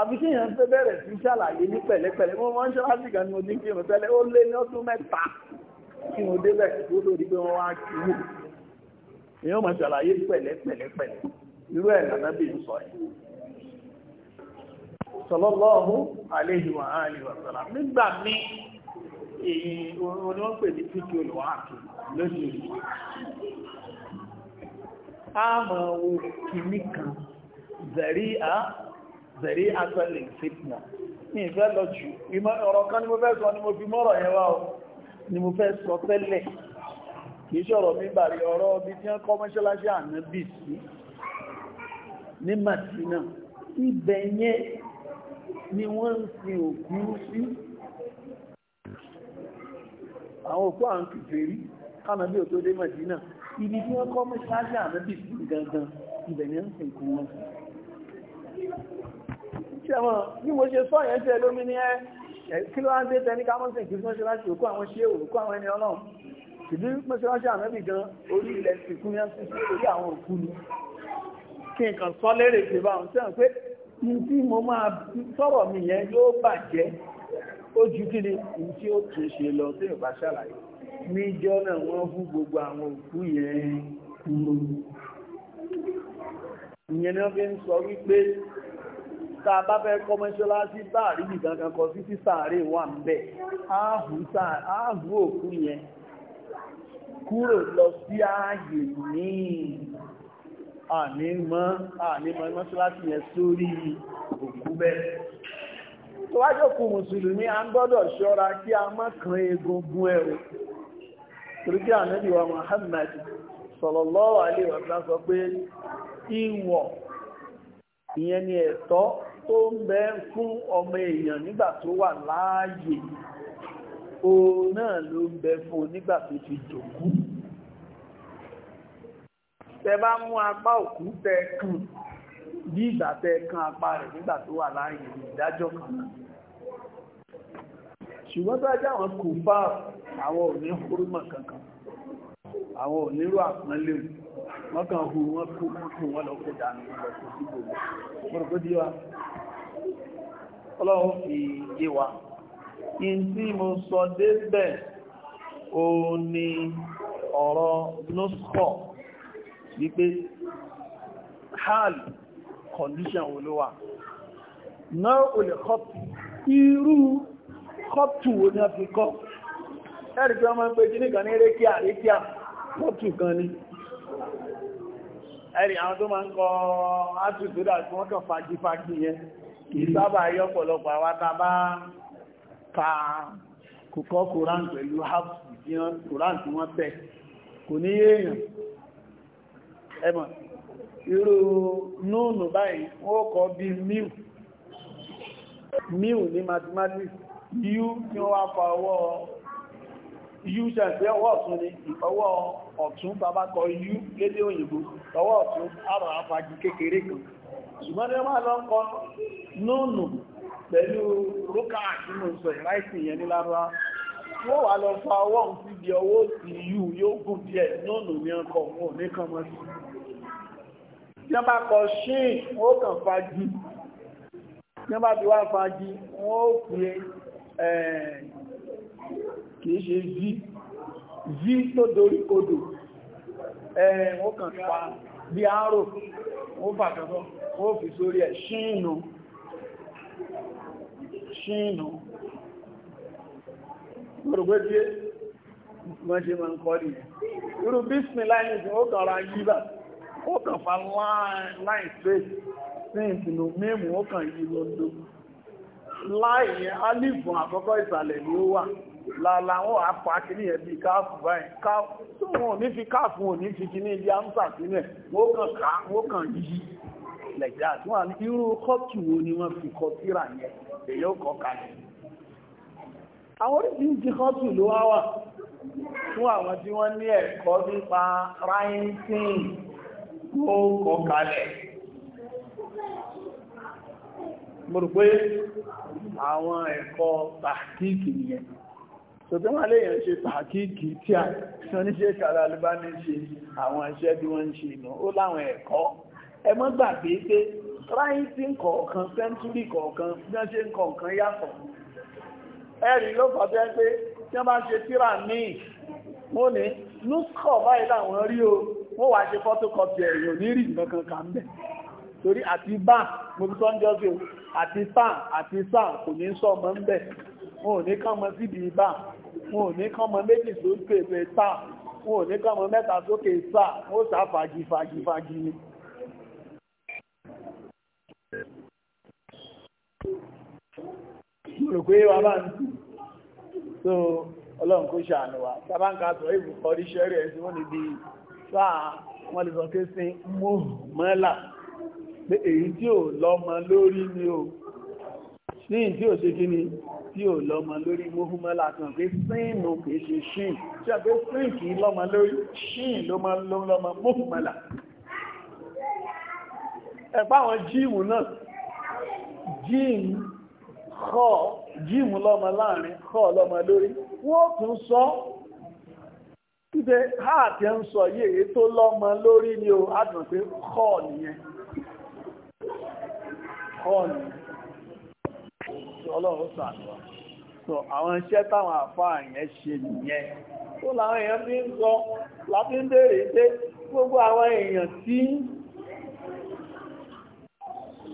àbí kí èèyàn tó bẹ̀rẹ̀ sí ṣàlàyé ní pẹ̀lẹ́pẹ̀lẹ́ wọ́n máa ń ṣọ́láṣì kan ní mo ní kí èèyàn tẹ́lẹ̀ ó lé ní ọdún mẹ́ta kí mo débẹ̀ tó lórí pé wọ́n wá kí wò èèyàn máa ṣàlàyé pẹ̀lẹ́pẹ̀lẹ́pẹ̀lẹ́ irú ẹ̀ èyí oní wọ́n pè ní fíkí olùwáàkì lónìí a mọ̀ wo kìíní kan zẹ̀rí a zẹ̀rí atọ́lẹ̀ fitna ní ìfẹ́ lọ jù ọ̀rọ̀ kan ni mo fẹ́ sọ ni mo fi mọ́rọ̀ yẹn wá ni mo fẹ́ sọ tẹ́lẹ̀ kìí ṣọ̀rọ̀ mi bàrí ọ̀rọ̀ bí tí wọ́n kọ́ mọ́ṣáláṣí ànábì sí ní Màdínà ibẹ̀ yẹn ni wọ́n ń sin òkú sí àwọn òkú àwọn kìfèrí kánàbí ò tó dé Mẹ̀dínà ibi tí wọ́n kọ́ mọ́ṣáláṣí ànábì sí gangan ibẹ̀ ni ń sìnkú wọn ṣẹ̀mọ̀ bí mo ṣe sọ yẹn tẹ́ lómi ní ẹ́ kí ló wá ń dé tẹ́ ní kámọ́sìn kí mọ́ṣáláṣí òkú àwọn ṣe òkú àwọn ẹni ọlọ́run ṣùgbọ́n mọ́ṣáláṣí ànábì gan orí ilẹ̀ sìnkú ní ọ́sìn sí orí àwọn òkú ni kí nǹkan sọ lérè ṣe bá wọn sẹ́wọ̀n pé ní tí mo máa sọ̀rọ̀ mi yẹn yóò bàjẹ́ ó ju kí ni ohun tí ó tún ṣe lọ tí ìbá ṣàlàyé níjọ́ náà wọ́n fún gbogbo àwọn òkú yẹn kúrò ìyẹn ni wọ́n fi ń sọ wípé tá a bá fẹ́ kọ́ mọ́ṣáláṣí báàrí nìkan kan kọ sí tí sàárè wà ń bẹ̀ áàbù òkú yẹn kúrò lọ sí ààyè ní ànímọ́ ànímọ́ mọ́ṣáláṣí yẹn sórí òkú bẹ́ẹ̀ tó wájò kù mùsùlùmí a ń gbọ́dọ̀ ṣọ́ra kí a má kan egungun ẹ̀rù torí kí ànábì wa Muhammad sallallahu alaihi wa sallam sọ pé ìwọ̀ ìyẹn ni ẹ̀tọ́ tó ń bẹ fún ọmọ èèyàn nígbà tó wà láàyè o náà ló ń bẹ fún nígbà tó ti dòkú tẹ bá mú apá òkú tẹ kàn bí ìgbà tẹ́ kan apá rẹ̀ nígbà tó wà láàyè ìdájọ́ kan náà ṣùgbọ́n tó ajá àwọn kò bá àwọn òní orúmọ̀ kankan àwọn onírú àpọ́nlé wọ́n kàn hù wọ́n kú kú wọ́n lọ kó dànù lọ kó sí gbogbo mọ́rọ̀ kó díwá ọlọ́run fi yé wa in tí mo sọ débẹ̀ o ní ọ̀rọ̀ lọ́sọ̀ wípé hálì condition wo ló wà náà ò lè kọ́pù irú kọ́pù wo ni a fi kọ́ ẹ̀rì tí wọ́n máa ń pè jí nìkan ní rékíà rékíà kọ́pù kan ni ẹ̀rì àwọn tó máa ń kọ́ átùtùdà tí wọ́n kàn fagifagi yẹn kì í sábà yọ ọ̀pọ̀lọpọ̀ àwa ta bá ka kòkọ́ koran pẹ̀lú hapù koran tí wọ́n tẹ̀ kò ní yéèyàn ẹ̀mọ̀ irú núùnù báyìí wọ́n kọ́ bí mil mu ní mathematics u tí wọ́n wá fa ọwọ́ u ṣẹ̀fẹ́ ọwọ́ ọ̀tún ni ọwọ́ ọ̀tún bàbá kọ u lédè òyìnbó ọwọ́ ọ̀tún àrọ̀ afagi kékeré kan ṣùgbọ́n ní wọ́n lọ ń kọ núùnù pẹ̀lú rókà àti mọ̀sọ̀ ìráìsì yẹn ní lára wọ́n wà lọ fa ọwọ́ ń fi di ọwọ́ sí u yóò gùn díẹ̀ núùnù ní ọkọ̀ òun ò ní kan yẹn bá kọ ṣíìn ó kàn fagi yẹn bá ti wá fagi wọ́n ó pè é kìí ṣe zí zí tó dorí kodò ó kàn fa bí àárò ó fàkàtọ́ ó fi sórí ẹ̀ ṣíìnù ṣíìnù gbogbo tí wọ́n ṣe máa ń kọ́ nìyẹn irú bísmìlá ìsìn ó kàn ra yíbà ó kàn fa láì space sí ìsìnú mímú ó kàn yí lóńdó láì alìbùn àkọ́kọ́ ìsàlẹ̀ ni ó wà lára wọn àpá kìíní ẹbí káàfù báyìí káàfù tó wọn ò ní fi káàfù ò ní fi kìíní ibi amsa sílẹ̀ wọ́n kàn yí lẹ̀já tí wọ́n irú kọ́tù wo ni wọ́n fi kọ síra yẹn èyí ó kọ kalẹ̀ àwọn oríṣiríṣi kọ́tù ló wá wà fún àwọn tí wọ́n ní ẹ̀kọ́ nípa ó kọ kalẹ̀ mo rò pé àwọn ẹ̀kọ́ tàkíkì nìyẹn sọ̀tọ́ wà léèyàn ṣe tàkíkì tí a tí wọ́n ní ṣe kàrà alúbá ní ṣe àwọn iṣẹ́ bí wọ́n ń ṣe ìnà ó láwọn ẹ̀kọ́ ẹ má gbàgbé pé ráyìntì kọ̀ọ̀kan sẹ́ńtúrì kọ̀ọ̀kan bí wọ́n ṣe ń kọ̀ọ̀kan yàtọ̀ ẹ̀rí ló fọ́ bẹ́ẹ̀ pé tí wọ́n bá ṣe tíra míì mo ní núkọ̀ báyìí làwọn rí o wọ́n wá ṣe fọ́tókọpì ẹ̀yìn onírì nǹkan kan bẹ̀ torí àti bá mọ́bítọ́ ń jọ́sí àti sáà àti sáà kò ní sọ ọmọ ń bẹ̀ wọn ò ní kọ́mọ síbi bá wọn ò ní kọ́mọ méjì sókè pé sáà wọn ò ní kọ́mọ mẹ́ta sókè sáà wọ́n sá fàájì fàájì fàájì ni rò pé wà bá ń tí so ọlọ́run kó ṣàánú wa sábà ń ká sọ ìbùkọ́ rí ṣẹ́rẹ̀ ẹ̀sìn wọ́n ni sáà wọ́n lè sọ pé sí mọ́lá pé èyí tí ò lọ́mọ lórí ni o ní tí ò ṣe kíni tí ò lọ́mọ lórí mọ́lá kan pé sínú kì í ṣe ṣìn tí a pé sín kì í lọ́mọ lórí ṣìn ló mọ́ lọ́mọ mọ́lá ẹ̀pá àwọn jíìmù náà jíìmù kọ́ jíìmù lọ́mọ láàrin kọ́ lọ́mọ lórí wọ́n tún sọ Títẹ háàtì ń sọ yí èyí tó lọ́mọ lórí ni o, a pé kọ́ nìyẹn. Kọ́ nìyẹn. Ọlọ́run sàdúrà. Sọ àwọn iṣẹ́ táwọn àfáà yẹn ṣe nìyẹn. Ó làwọn èèyàn fi ń sọ, láti ń béèrè pé gbogbo àwọn èèyàn tí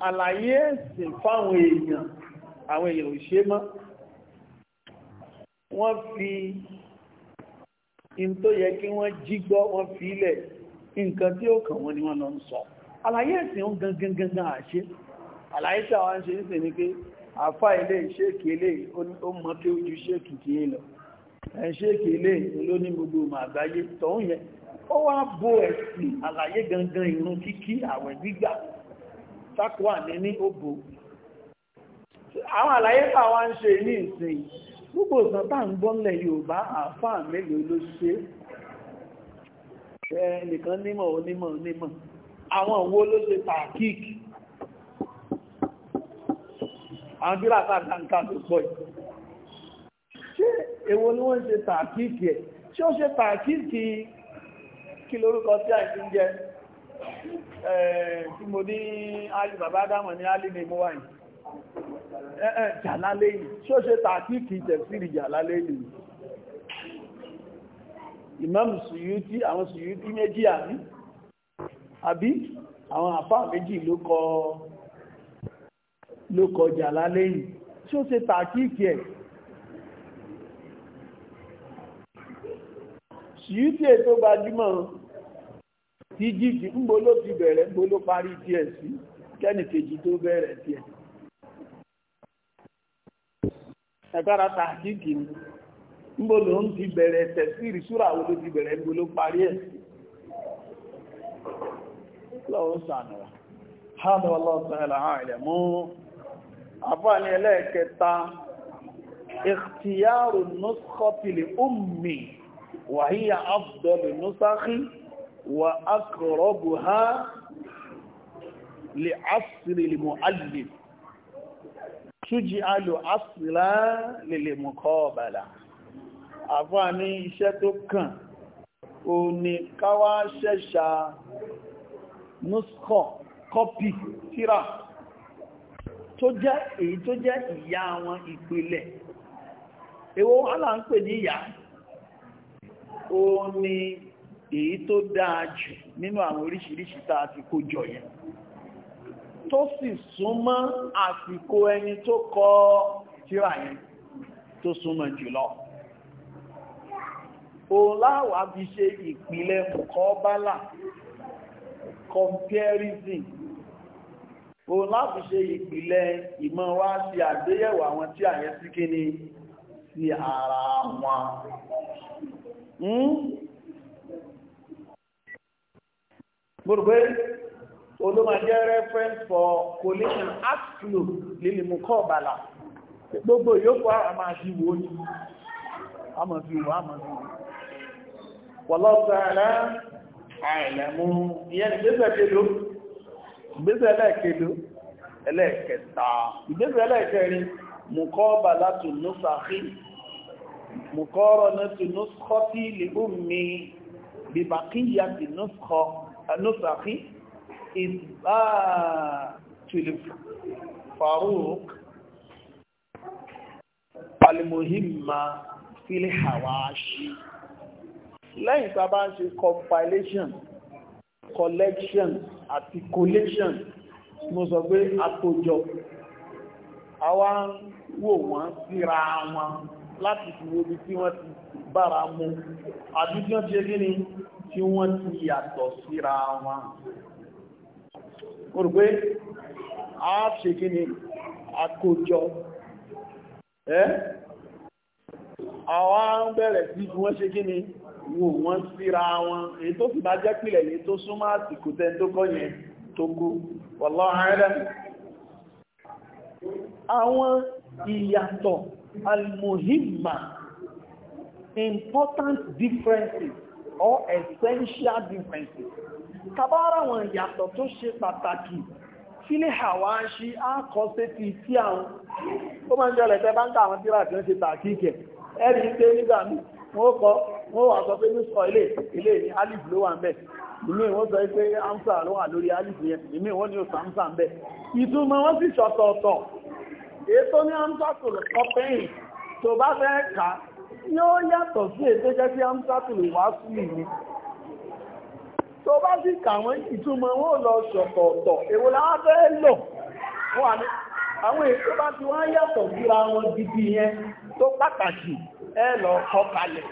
àlàyé ẹ̀sìn fáwọn èèyàn, àwọn èèyàn ò ṣe mọ́. Wọ́n fi in tó yẹ kí wọ́n jí gbọ́ wọ́n fi ilẹ̀ nǹkan tí ó kàn wọ́n ni wọ́n lọ ń sọ àlàyé ẹ̀sìn ó gangan gangan àṣẹ àlàyé tí àwọn ṣe ń sìn ní pé àfá ilé ìṣèkì ilé ó mọ pé ó ju ṣèkì lọ ẹ̀ṣèkì ilé ló ní gbogbo màgbáyé tọ́hún yẹn ó wá bo ẹ̀sìn àlàyé gangan ìrun kíkí àwẹ̀ gbígbà sákòwà ní ní òbò àwọn àlàyé tí àwọn ṣe ní ìsìn gbogbo ìsàn tá ń gbọ́nlẹ̀ Yorùbá àfáà mélòó ló ṣe ẹ nìkan nímọ̀ onímọ̀ onímọ̀ àwọn òwò ló ṣe tàkíkì àwọn bíra tàkàǹkà tó pọ̀ yìí ṣé èwo ni wọ́n ṣe tàkíkì ẹ̀ ṣé ó ṣe tàkíkì kí lórúkọ tí àìsí ń jẹ tí mo ní alì bàbá dámọ̀ ní alì ní mọ́wàá yìí jàlálẹ́yìn ṣó ṣe tàbí kìí tẹ̀sírì jàlálẹ́yìn ìmáàmù Suyuti àwọn Suyuti méjì àbí àbí àwọn àfá méjì ló kọ ló kọ jàlálẹ́yìn ṣó ṣe tàbí kìí ẹ̀ Suyuti ètò gbajúmọ̀ ti jíjì ń bó ló ti bẹ̀rẹ̀ ń bó ló parí díẹ̀ sí kẹ́nìkejì tó bẹ̀rẹ̀ díẹ̀ ẹgbára tàkìkì ní níbo ló ń ti bẹ̀rẹ̀ tẹ̀síìrì súra wo ló ti bẹ̀rẹ̀ níbo ló parí ẹ̀ lọ́wọ́ sànàrà hánà ọlọ́sànàrà hàn ilẹ̀ mú àfáàní ẹlẹ́ẹ̀kẹta ìkhtiyàrù ha lè asìrì lè mọ̀ alìlè tújì alò asìlá lèlè mú kọ́ ọ̀bàlá àfáà ní iṣẹ́ tó kàn o ní káwá ṣẹ́ṣà nuskọ̀ kọ́pì tíra tó jẹ́ èyí tó jẹ́ ìyá àwọn ìpìlẹ̀ èwo wàhálà ń pè ní ìyá o ní èyí tó dáa jù nínú àwọn oríṣiríṣi tá ti kó jọ yẹn tó sì súnmọ́ àsìkò ẹni tó kọ tírà yẹn tó súnmọ́ jùlọ òun láwà bí ṣe ìpìlẹ̀ mùkọ́bálà comparison òun láti ṣe ìpìlẹ̀ ìmọ̀ wá sí àgbéyẹ̀wò àwọn tí àyẹ́ sí kí ni sí ara wọn gbogbo hmm? olómọjẹ́ reference for collation atlo lílìmù kọ́ọ̀bàlà gbogbo yóò a máa fi wò ní àmàfíwò àmàfíwò wọ́lọ́sàárá àìlẹ̀mú ìyẹn ìgbésẹ̀ kédo ìgbésẹ̀ ẹlẹ́ẹ̀kédo ẹlẹ́ẹ̀kẹta ìgbésẹ̀ ẹlẹ́ẹ̀kẹrin mùkọ́ọ̀bàlà tó nọ́sàáfí mùkọ́ọ̀rọ̀nà tó nọ́sàáfí lè ó mi bìbàkíyà tó nọ́sàáfí ìbáàtùlù faruk alimohimma filihawashi lẹ́yìn tí a bá ń ṣe compilation collection àti collation mo sọ pé àtòjọ àwa ń wò wọ́n síra wọn láti fi wo bí tí wọ́n ti bára mu àbí tí wọ́n ti ṣe kí ni tí wọ́n ti yàtọ̀ síra wọn rò pé a ṣe kí ni àkójọ ẹ́ àwọn ń bẹ̀rẹ̀ sí wọ́n ṣe kí ni wò wọ́n síra wọn èyí tó sì bá jẹ́ pìlẹ̀ yìí tó súnmọ́ àsìkò tẹ́ tó kọ́ tó kú wallahu a'lam important differences or essential differences tàbára wọn ìyàtọ̀ tó ṣe pàtàkì tí ní àwáṣí àkọ́ sí ti tí àwọn ó máa ń jẹ́ ẹ̀tẹ́ bá ń ká àwọn tíra tí ó ṣe tàkíkẹ̀ ẹ̀rí pé nígbà mí wọ́n kọ́ wọ́n wà sọ pé ní sọ ilé ilé ní alif ló wà ń bẹ̀ ìmí wọ́n sọ pé amsa ló wà lórí alif yẹn ìmí wọ́n ní oṣù amsa ń bẹ̀ ìtumọ̀ wọ́n sì ṣọ̀tọ̀ọ̀tọ̀ ètò ní amsa kò lọ kọ́pẹ́yìn tó bá fẹ́ kà yóò yàtọ̀ sí ètò jẹ́ sí amsa kò lè wá sí ìlú tó bá sì kà wọ́n ìtumọ̀ wọn ò lọ sọ̀tọ̀ọ̀tọ̀ èwo la wá fẹ́ lò wọn àní àwọn èso bá ti wá yàtọ̀ síra wọn gidi yẹn tó pàtàkì ẹ lọ kọ kalẹ̀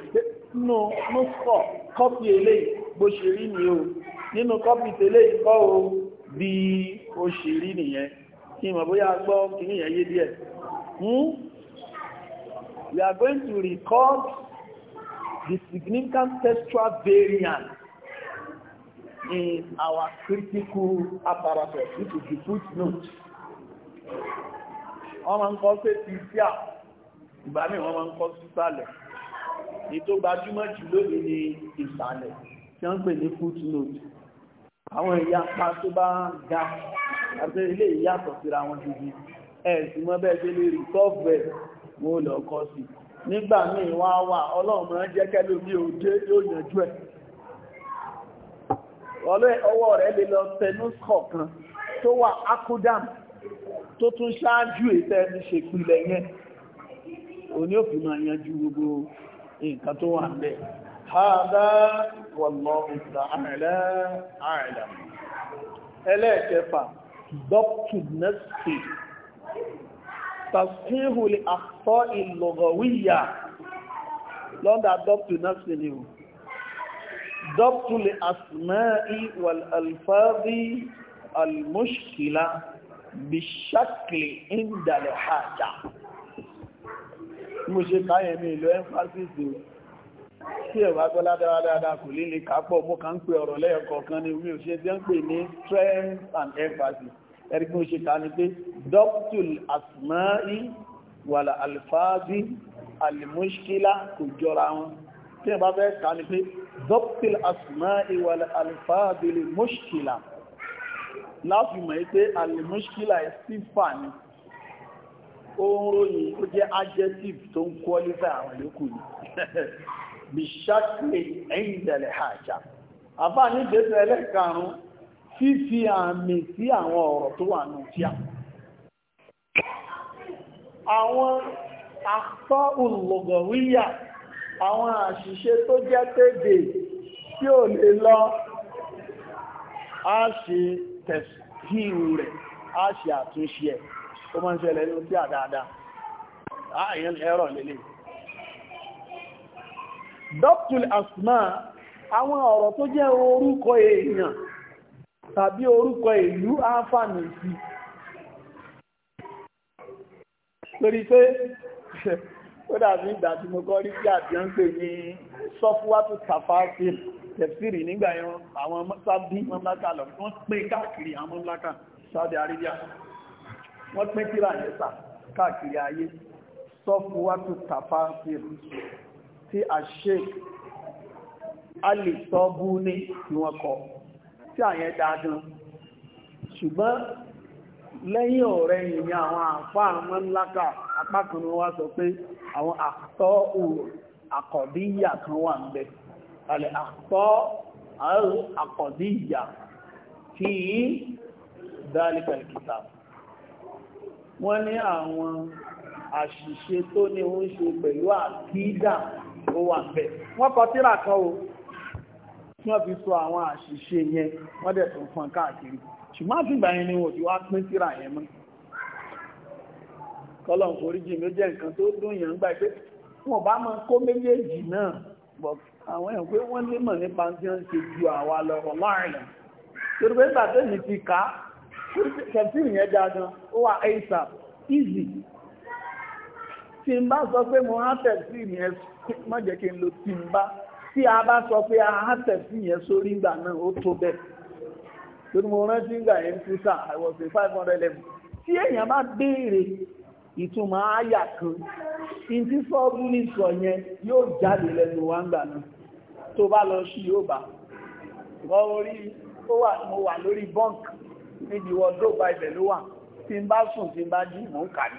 nínú nùkọ̀ kọ́pì eléyìí bó ṣe rí ni o nínú kọ́pì tẹ́lẹ̀ kọ́ o bí ó ṣe rí nìyẹn kí mọ̀ bóyá gbọ́ kìíní yẹn yé díẹ̀ hmm? we are going to record the significant textual variants in our critical apparatus, which is the footnote. Wọ́n máa ń kọ́ sí ti sí à, ìgbà míì wọ́n máa ń kọ́ sí sàlẹ̀. Ní tó gbajúmọ̀ jù lónìí ni ìsàlẹ̀ tí wọ́n ń pè ní footnote. Àwọn ìyapa tó bá ga àti ilé ìyàtọ̀ síra wọn gidi. Ẹ̀sìn mọ́ bẹ́ẹ̀ ṣe lè rí kọ́ọ̀fẹ́ wọn ò lọ kọ́ sí. Nígbà míì wọ́n á wà ọlọ́run máa ń jẹ́kẹ́ lómi òde yóò yanjú ẹ̀ ọwọ́ rẹ̀ lè lọ tẹnúskọ̀ kan tó wà akúdàm tó tún ṣáájú ètẹ́ ẹni ṣe pìlẹ̀ yẹn òní òfin máa yanjú gbogbo nǹkan tó wà nílẹ̀ hádá wallahu ta'ala a'lam ẹlẹ́ẹ̀kẹfà dọ́pù nẹ́sì tàṣíhù lè àkọ́ ìlọ̀gọ̀wíyà lọ́dà dọ́pù nẹ́sì ni ò ضبط lè asma'i wal alfáàbí almushkila bí ṣákìlì ìdàlẹ̀ hajjá mo ṣe káyẹ̀ ní ìlú emphasis tí ẹ̀ bá gbọ́lá dáadáa kò lè lè kápọ̀ mọ́ ká ń pè ọ̀rọ̀ lẹ́ẹ̀kọ̀ọ̀kan ní omi òṣè tí ń pè ní strength and emphasis ẹ̀rígbé ṣe ká ní pé dọ́pùtùl asma'i wàlà alfáàbí alimushkila kò jọra wọn tí ẹ̀ bá fẹ́ ká ní pé ضبط الأسماء والألفاظ للمشكلة láti mọ̀ pé alìmọ́ṣíkílà sífà ni ó ń ròyìn ó jẹ́ adjective tó ń qualify àwọn yòókù ni bí ṣákìlẹ̀ ẹ̀yìndẹ̀lẹ̀ àjà àfáà ní ìgbésẹ̀ ẹlẹ́karùn-ún fífi àmì sí àwọn ọ̀rọ̀ tó wà nù tíà àwọn àfọ́ olùlọ̀gọ̀wíyà àwọn àṣìṣe tó jẹ́ tèdè tí ò lè lọ a ṣe tẹ̀síhìrù rẹ̀ a ṣe àtúnṣe ẹ̀ ó máa ń ṣẹlẹ̀ ní ojú àdáadáa ààyàn ẹ̀rọ lélẹ̀ dọ́pùtùl asma àwọn ọ̀rọ̀ tó jẹ́ orúkọ èèyàn tàbí orúkọ ìlú àǹfààní sí lórí pé ó dàbí ìgbà tí mo kọ́ rí sí àbíọ́ǹpé ní sọ́fúwátù tàfáàsì tẹ̀sírì nígbà yẹn àwọn sábí mọ́láka lọ wọ́n pé káàkiri àwọn mọ́láka Saudi Arabia wọ́n pín tíra yẹta káàkiri ayé sọ́fúwátù tàfáàsì tí a ṣe alìsọ́bú ní ìwọ̀n kọ tí àyẹn dáadán ṣùgbọ́n lẹ́yìn ọ̀rẹ́ ìyìn àwọn àfá àmọ́ ńláka apákan wá sọ pé àwọn àtọ́ àkọ̀díyà kan wà ń bẹ alẹ́ àtọ́ àkọ̀díyà tí dáríkàlìkìtà wọ́n ní àwọn àṣìṣe tó ní ó ń ṣe pẹ̀lú àkídà ó wà ń bẹ wọ́n kọ tírà kan o wọ́n fi sọ àwọn àṣìṣe yẹn wọ́n dẹ̀ tún fọ́n káàkiri ṣùgbọ́n àfìgbà yẹn ni wọ́n ti wá pín síra yẹn mọ́ kọ́lọ̀n foríjì ló jẹ́ nǹkan tó dùn yàn gbà pé wọ́n bá máa kó méjèèjì náà bọ̀ àwọn èèyàn pé wọ́n lè mọ̀ nípa tí wọ́n ṣe ju àwa lọ láàrin torí pé nígbà tẹ́lì ti ká kẹfìn yẹn dáadáa ó wà aisa easy tí n bá sọ pé mo há tẹ̀sí yẹn má jẹ́ kí n lo tí n bá tí a bá sọ pé a há tẹ̀sí yẹn sórí ìgbà náà ó tó bẹ́ẹ̀ lórí mo rántí ń gbà yẹn kú sà I was in five hundred level tí èèyàn bá béèrè ìtumọ̀ àyà kan ìtí sọ́ọ́bù ní sọ yẹn yóò jáde lẹ́nu wa ń gbà náà tó bá lọ sí yóò bá wọ́n orí ó wà mo wà lórí bunk níbi wọ́dọ́gba ibẹ̀ ló wà tí n bá sùn tí n bá jí mò ń kàrí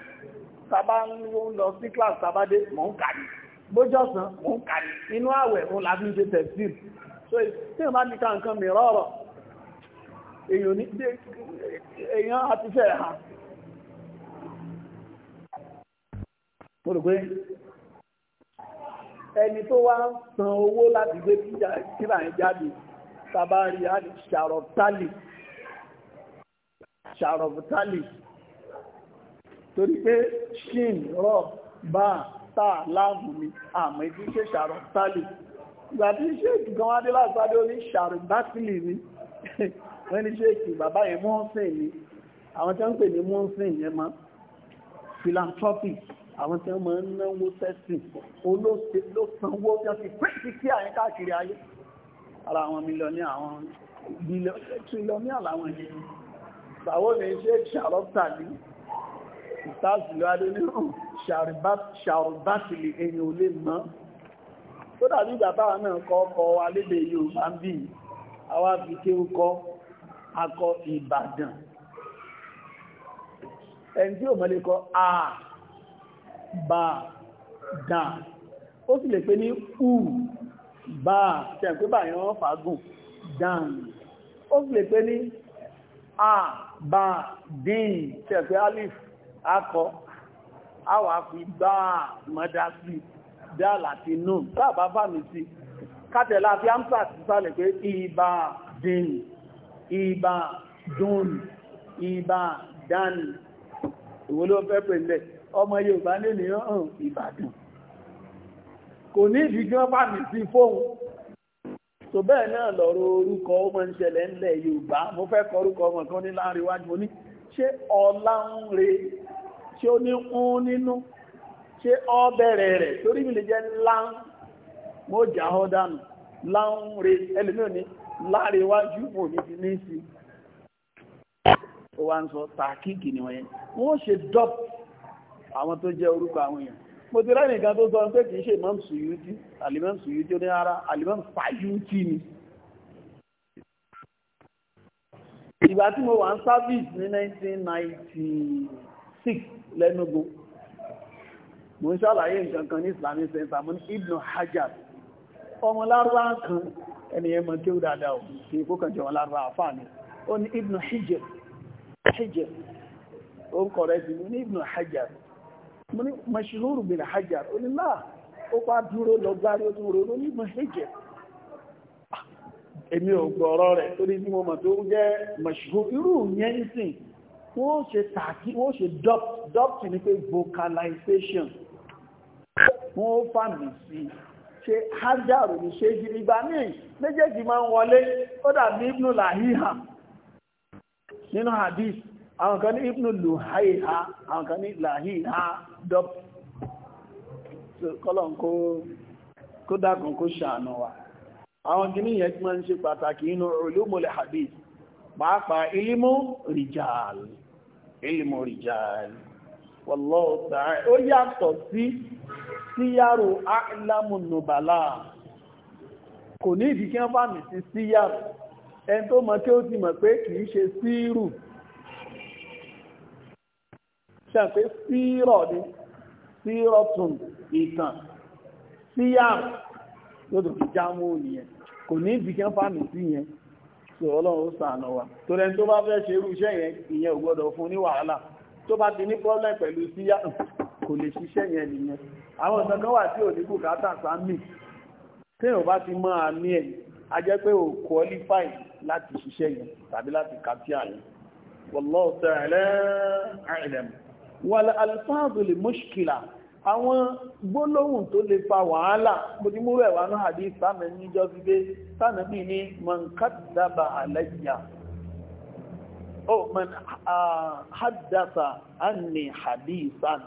sábà ń lọ sí class sábà dé mò ń kàrí gbójọ́sán mò ń kàrí inú àwẹ̀ òun làbí ń ṣe tẹ̀síìl so tí n bá ní ká nǹkan mìíràn ọ̀rọ̀ èyàn ní dé èyàn àti fẹ́ ha mo rò pé ẹni tó wá ń san owó láti gbé kíra ẹ̀ jáde tàbárí àti ṣàrọ̀tálì ṣàrọ̀tálì torí pé ṣìn rọ̀ bá tàà láàmù mi àmì tí ṣe ṣàrọ̀tálì ìgbà tí ṣe ìgbà wádé láti wádé ó wọ́n ní ṣéèkì bàbá yẹn mọ́ọ́sìn ni àwọn tó ń pè ní mọ́ọ́sìn yẹn máa philanthropy àwọn tí wọ́n máa ń náwó sẹ́sìn olóṣè ló sanwó tí wọ́n fi pẹ́sì sí àyín káàkiri ayé ara àwọn mílíọ̀ní àwọn tírílíọ̀ní àláwọn yìí sàwọ́ ní iṣẹ́ ṣàrọ́tàlì ìtàzìlú adóníhùn ṣàrùbátìlì èyàn olè mọ́ tó dàbí bàbá náà kọ́ ọkọ̀ wa lédè Yorùbá ń bì àwa fi kí kọ́ akọ ìbàdàn ẹni tí ò mọ́lé kọ àbàdàn ó sì lè pé ní ù bá tẹ̀ pé báyìí wọ́n fàágùn dàn ó sì lè pé ní àbàdìn tẹ̀ pé alif akọ àwà fi bá mọ́dá sí dáàlà ti nù tàbá fàmì sí kátẹ̀lá fi ámsà ti sálẹ̀ pé ìbàdìn ìbà dùn ìbà dán ìwò ló fẹ́ pẹ̀lẹ̀ ọmọ Yorùbá lè ní ọ̀hún Ìbàdàn kò ní ìdíjọ́ bá mi sí fóun tó bẹ́ẹ̀ náà lọ́rọ̀ orúkọ ó máa ń ṣẹlẹ̀ ńlẹ̀ Yorùbá mo fẹ́ kọ orúkọ ọmọ kan ní láàrin wájú mo ní ṣé ọlá ń re ṣé ó ní ń nínú ṣé ọ bẹ̀rẹ̀ rẹ̀ torí mi lè jẹ́ láàrẹ̀wájú kò ní ti ní sí ó wá ń sọ tàkíkì ni wọ́n yẹn wọ́n ṣe dọ́p àwọn tó jẹ́ orúkọ àwọn èèyàn mo ti rẹ́ nìkan tó sọ pé kìí ṣe imam suyuti alimam suyuti ó ní ara alimam fayuti ni ìgbà tí mo wà ń service ní 1996 lẹ́nugbó mo ń ṣàlàyé nǹkan kan ní islamic center mo ní ibn hajar ọmọ lárúbá kan ẹni yẹn mọ́ kí ó dáadáa ò fi ikú kan jẹun lára àfáà ni ó ní ibnu hijr hijr ó ń kọ̀rẹ́ sí ní ibnu hajar mo ní mashhur bin hajar ó ní láà ó pa dúró lọ gbárí ó tún ronú ní ibnu hijr èmi ò gbọ́rọ̀ rẹ̀ torí ní mo mọ̀ tó jẹ́ mashhur irú yẹn sìn wọ́n ṣe tàkí wọ́n ṣe dubbed dubbed pé vocalization wọ́n fàmì sí i ṣe hajaru ní ṣe jìrì ìgbà míì méjèèjì máa ń wọlé ó dàbí ibnu lahiha nínú hadith àwọn kan ní ibnu luhaiha àwọn kan ní lahiha dọ́p kọ́lọ̀ kó dákùn kó ṣàánú wa àwọn gini yẹn tí wọ́n ń ṣe pàtàkì inú ulumul hadith pàápàá ilimu rijal ilimu rijal wallahu ta'ala ó yàtọ̀ sí síyàrò àìlàmùnùbàlá kò ní ìdí kí wọ́n bá mi sí síyàrò ẹn tó mọ̀ kí ó ti mọ̀ pé kìí ṣe síìrù ṣàpé síìrọ̀ ni síìrọ̀ tún ìtàn síyàrò lódò fi jámù nìyẹn kò ní ìdí kí wọ́n bá mi sí yẹn sọ ọlọ́run tó bá ti ní problem pẹ̀lú síyá kò lè ṣiṣẹ́ yẹn nìyẹn àwọn ọ̀sán kan wà tí ò ní bùkátà sáàmì tí ò bá ti mọ́ àmì ẹ̀ a jẹ́ pé ò qualify láti ṣiṣẹ́ yẹn tàbí láti kàtíà yẹn wallahu ta'ala a'lam wal alfáàdù lè mushkila àwọn gbólóhùn tó lè fa wàhálà mo ti múrò ẹ̀wà náà àdí sáàmì níjọ́ fi dé oh man uh, haddasa anni hadisan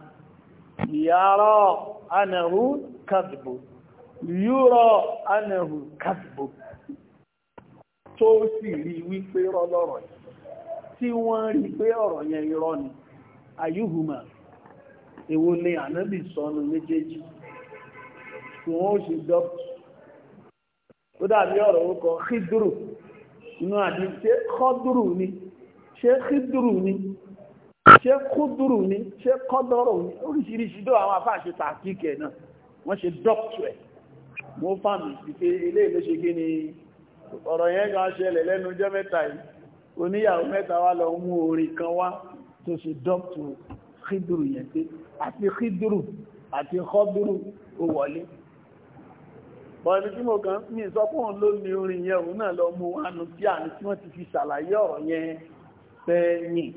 yara anahu kadhbu yura anahu kadhbu tó sì rí wípé rọ́lọ́rọ̀ tí wọ́n rí pé ọ̀rọ̀ yẹn irọ́ ni ayúhùmá èwo ni ànábì sọnù méjèèjì tí wọ́n ó ṣe dọ́pù ó dàbí ọ̀rọ̀ ni ṣé kídùrù ni ṣé kúdùrù ni ṣé kọ́dọ̀rọ̀ ni oríṣiríṣi dó àwọn afá ṣe tàkíkẹ̀ náà wọ́n ṣe dọ́pù ẹ̀ mo fàmì sí pé ilé ìlú ṣe kí ni ọ̀rọ̀ yẹn gan ṣẹlẹ̀ lẹ́nu ọjọ́ mẹ́ta yìí oníyàwó mẹ́ta wá lọ mú orin kan wá tó ṣe dọ́pù kídùrù yẹn pé àti kídùrù àti kọ́dùrù ó wọlé bọ́ọ̀lù tí mo kàn mí sọ fún òun ló ní orin yẹn òun náà lọ mú wánu tí àní tí wọ́n ti fi ṣàlàyé ọ̀rọ̀ yẹn sẹ́yìn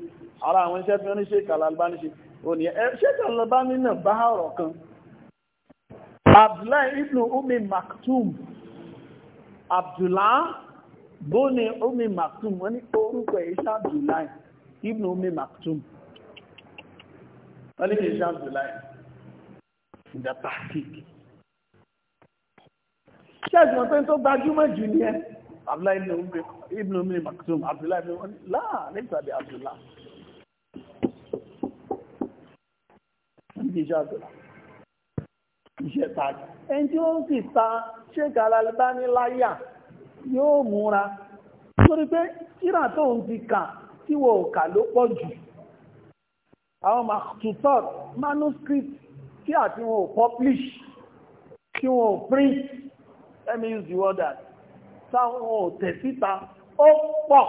ara àwọn iṣẹ́ tí wọ́n ní ṣe kàlàlbáni ṣe ò ní ẹ ṣe kàlàlbáni náà bá ọ̀rọ̀ kan abdullahi ibn umi maktum abdullahi bóni umi maktum wọ́n ní orúkọ ìṣẹ́ abdullahi ibn umi maktum wọ́n ní ìṣẹ́ abdullahi ìdàtàkì ṣẹ́ẹ̀sì wọn pé tó gbajúmọ̀ jù ní ẹ abdullahi ibn umri ibn umri maktum abdullahi ibn umri la lẹ́yìn tàbí abdullahi ìṣẹ́ abdullahi iṣẹ́ tàbí ẹni tí ó sì ta ṣéèkì alálẹ́bá ní láyà yóò múra torí pé kíra tó ń ti kà tí wọ́n ò kà ló pọ̀ jù manuscript tí àti wọn publish tí wọn print let me use the word that sáwọn ò tẹ̀ síta ó pọ̀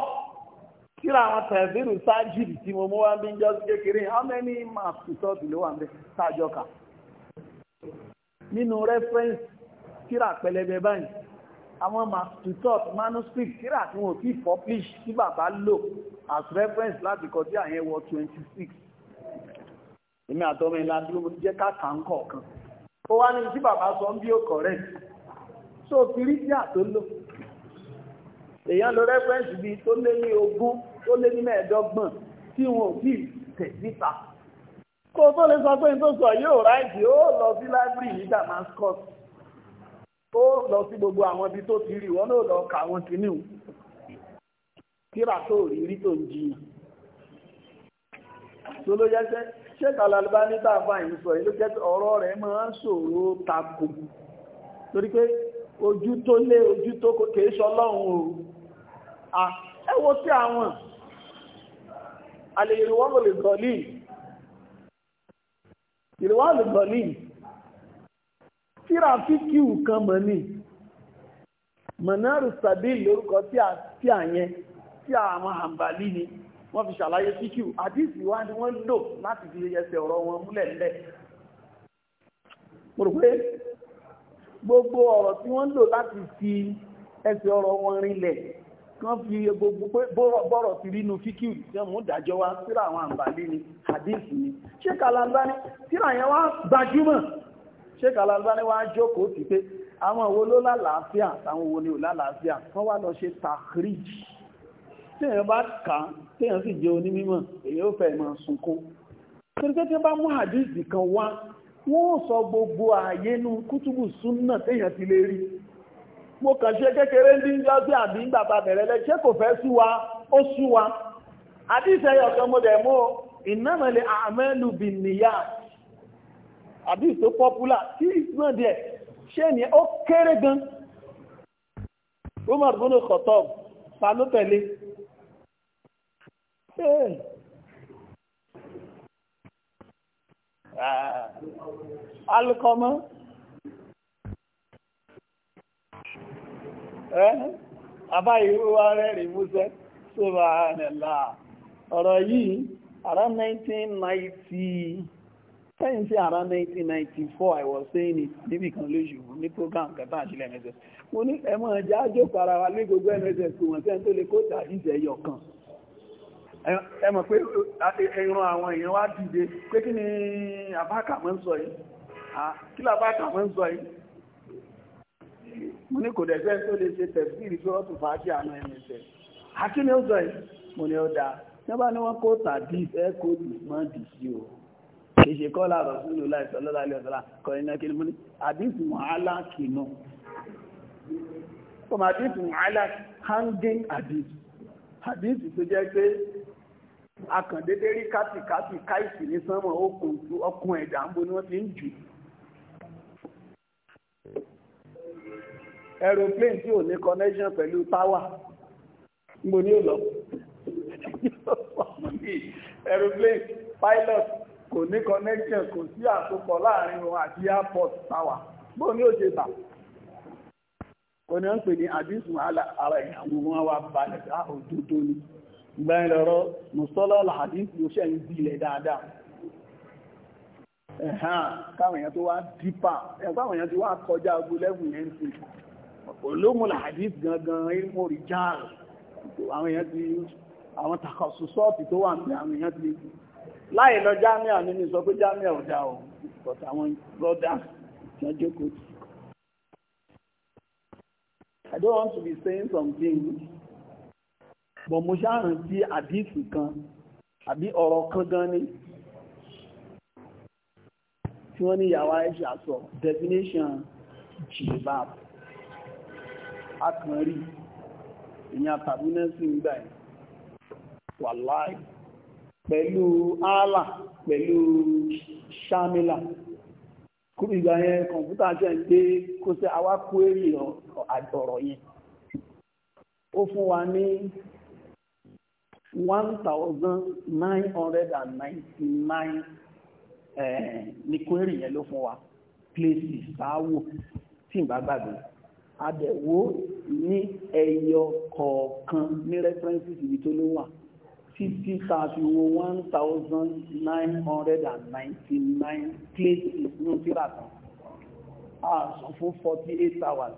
kíra àwọn tẹ̀síìrù sájìrì tí mo mú wá bí jọ́ sí kékeré how many maps ìtọ́tù ló wà ń bẹ sájọ kà nínú reference kíra pẹlẹbẹ báyìí àwọn maps ìtọ́tù manuscript kíra tí wọn kì í publish tí bàbá lò as reference láti kọjú àyẹ̀wò twenty six èmi àtọ́mọ ìlà tí ó jẹ́ káàkà ń kọ̀ọ̀kan ó wá ní tí bàbá sọ ń bí ó so lò èèyàn lọ rẹ́fẹ́ǹsì bíi tó lé ní ogún tó lé ní mẹ́ẹ̀ẹ́dọ́gbọ̀n tí wọn ò tíì tẹ̀ síta kó tó lè sọ pé n tó sọ yóò ráìtì ó lọ sí láìbírì ní Damascus ó lọ sí gbogbo àwọn ibi tó ti rí wọn náà lọ kà wọn kìíní kíra tó rí rí tó ń jiyàn tó ló jẹ́sẹ́ ṣé kàlàlùbá ní tàbá yìí sọ yìí ló jẹ́ ọ̀rọ̀ rẹ̀ máa ń ṣòro tako torí pé ojú tó lé ojú tó kèé sọ lọ́hùn o Ah, ẹ wo tí àwọn àlè ìrìwọ́n lè gọ̀ọ́lì ìrìwọ́n lè gọ̀ọ́lì tírafíkìú kan mọ̀ ní mọ̀nàrù sabil lórúkọ tí àyẹn tí àwọn àǹbàlì ni wọ́n fi ṣàlàyé fíkìú àdísì wá ni wọ́n lò láti fi ẹsẹ̀ ọ̀rọ̀ wọn múlẹ̀ ńlẹ̀ mo gbogbo ọ̀rọ̀ tí wọ́n lò láti fi ẹsẹ̀ ọ̀rọ̀ wọn rinlẹ̀ kan fi gbogbo pé bọ́rọ̀ ti rínú fíkìrì jẹ́ mú dájọ́ wá síra àwọn àǹbàlí ni hadith ni ṣé kalambani síra yẹn wá gbajúmọ̀ ṣé kalambani wá jókòó ti pé àwọn wo ló lálàáfíà àtàwọn wo ni ò lálàáfíà wọ́n wá lọ ṣe tahrij téèyàn bá kà á téèyàn sì jẹ́ onímọ̀ èyàn ó fẹ́ máa sunkún torí tí wọ́n bá mú hadith kan wá wọ́n sọ gbogbo ààyè mo kàn ṣe kékeré ní lọ́sí àbí gbàgbà bẹ̀rẹ̀ lẹ ṣé kò fẹ́ sú wa ó sú wa àdìsẹ́ ọ̀kan mo dẹ̀ mú ìnámọ̀lẹ̀ àmẹ́lù bì níyà àdìs tó pọ́pùlà tí ìsúná díẹ̀ ṣé ni ó kéré gan Umar bin Khattab ta ló tẹ̀lé ah. alukọmọ àbá ìrú ààrẹ rí músẹ́ tó bá nẹ̀lá ọ̀rọ̀ yìí ara 1990 sẹ́yìn sí ara 1994 I was saying it níbi kan lóṣù ní program kẹta àṣílẹ̀ NSS mo ní ẹmọ ẹja jókòó ara wa ní gbogbo NSS kò wọ́n sẹ́yìn tó lè kó tàbí ìṣẹ́yọ̀ kan ẹ mọ̀ pé ẹran àwọn èèyàn wá dìde pé kí ni àbákà mọ́ ń sọ yìí kí làbákà mọ́ ń sọ yìí mo ní kò dẹ̀sẹ̀ tó lè ṣe tẹ̀síìrì tó ọ̀tún fàájì àánú ẹni tẹ̀ àti ní ó sọ yìí mo ní ó da tí wọ́n ní wọ́n kó tàbí ẹ kó mọ́ dì sí o kìí ṣe kọ́ láàrọ̀ sí ìlú láìsọ lọ́la ilé ọ̀sọ́lá kọ iná kí ni mo ní àdìsí wàhálà kìnnà ọmọ àdìsí wàhálà hanging àdìsí àdìsí tó jẹ́ pé akàndédé rí kátìkátì káìsì ní sánmọ̀ ó kùn ẹ̀dà ń bo ni wọ́n ti ń jù aeroplane tí ò ní connection pẹ̀lú power mo ní ò lọ aeroplane pilot kò ní connection kò sí àsopọ̀ láàrin òun àti airport power bó ní òṣè bà kò ní ó ń pè ní àdísùn ara ìyàwó wọn wá balẹ̀ dá ah, òdodo ni gbẹ̀yìn lọ́rọ́ mùsọ́lá àdísùn ló ṣẹ̀ ń bilẹ̀ dáadáa ẹ̀hán káwọn èèyàn tó wá dípà ẹ̀káwọn èèyàn tó wá kọjá agbó lẹ́gùn yẹn ń sìn olómùlà hadith gangan ilmò rijal àwọn èèyàn ti àwọn takọ̀sù sọ́ọ̀tì tó wà ń àwọn èèyàn ti láì lọ jámíà nínú sọ pé jámíà ò dá o but àwọn brothers tí wọ́n jókòó I don't want to be saying something but mo ṣàrántí àdíìsì kan àbí ọ̀rọ̀ kan gan ni tí wọ́n ní ìyàwó Aisha definition jìbáàbù akàn rí ìyẹn àtàbúná sí ń gbà yìí wàláì pẹ̀lú ààlà pẹ̀lú ṣámílà kúrò ìgbà yẹn kọ̀ǹpútà jẹ́ ń gbé kó sí awákú èrè ọ̀rọ̀ yẹn ó fún wa ní one thousand nine hundred and ninety nine eh, ní kúrì yẹn ló fún wa places tá a tí n gbàgbé àbẹ̀wò ní ẹyọ kọ̀ọ̀kan ní references ibi tó ló wà títí tá a fi wo one thousand nine hundred and ninety nine places nínú tírà kan a sọ fún forty eight hours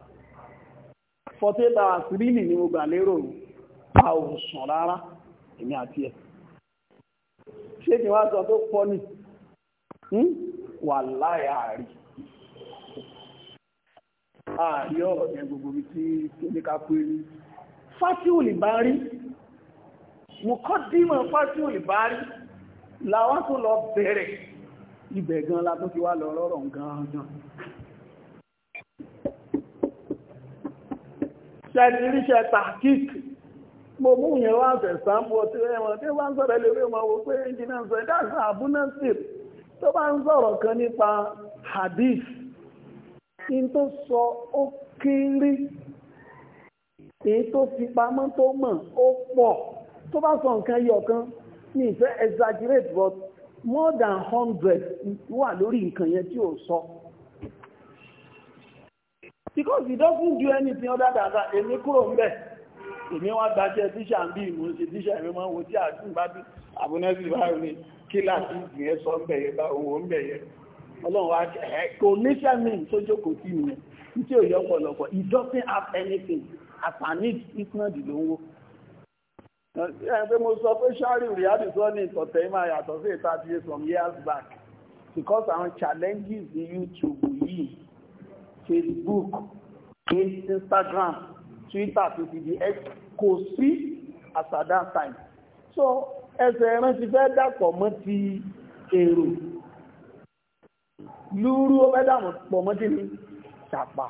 forty eight hours rí nì ni mo gbà lérò a ò sùn rárá èmi àti ẹ̀ ṣé kí wọ́n sọ tó pọ̀ nì hmm? wà láyà rí ààyọ́ ọ̀rọ̀ gbogbo bí tí oníkàkú rí fátíò lè bá rí mo kọ́ dímọ̀ fátíò lè bá rí láwá tó lọ bẹ̀rẹ̀ ibẹ̀ gan la tó ti wá lọ rọ́rọ̀ gan-an ṣẹ́dìríṣẹ́ tàkík mo mú yẹn wá fẹ̀sán bọ̀ tí ẹ̀wọ̀n tí wọ́n sọ̀rọ̀ lè rí wọn wò pé ìjìnà sọ̀rọ̀ sọ̀rọ̀ kan nípa hadith in tó sọ ó kéré èyí tó fi pamọ́ tó mọ̀ ó pọ̀ tó bá sọ nǹkan yọ kan ní ìfẹ́ exaggerate but more than hundred wà lórí nǹkan yẹn tí ò sọ. because he doesn't do anything other than that èmi kúrò ń bẹ̀ èmi wá gbàjẹ́ tíṣà ń bí ìmọ̀ ṣe tíṣà ìwé máa ń wo tí àdúgbò bá dùn àbúnẹ́sì báyìí ní kíláàsì ìgbìyẹn sọ ń bẹ̀yẹ bá òun ń bẹ̀yẹ ọlọ́run wá kò níṣẹ́ mi tó jókòó sí mi tí ò yọ doesn't have anything as an it isnad ló ń wò. ẹgbẹ́ mo sọ pé ṣáàrì rìádì sọ ní ìtọ̀tẹ̀ máa yàtọ̀ sí ìta ti years back because our challenges in YouTube yìí Facebook Instagram Twitter tó ti di x kò as at that time so ẹsẹ̀ ẹran ti fẹ́ dàpọ̀ mọ́ ti èrò lúrú ó fẹ́ dàmù pọ̀ mọ́ tí ní ṣàpà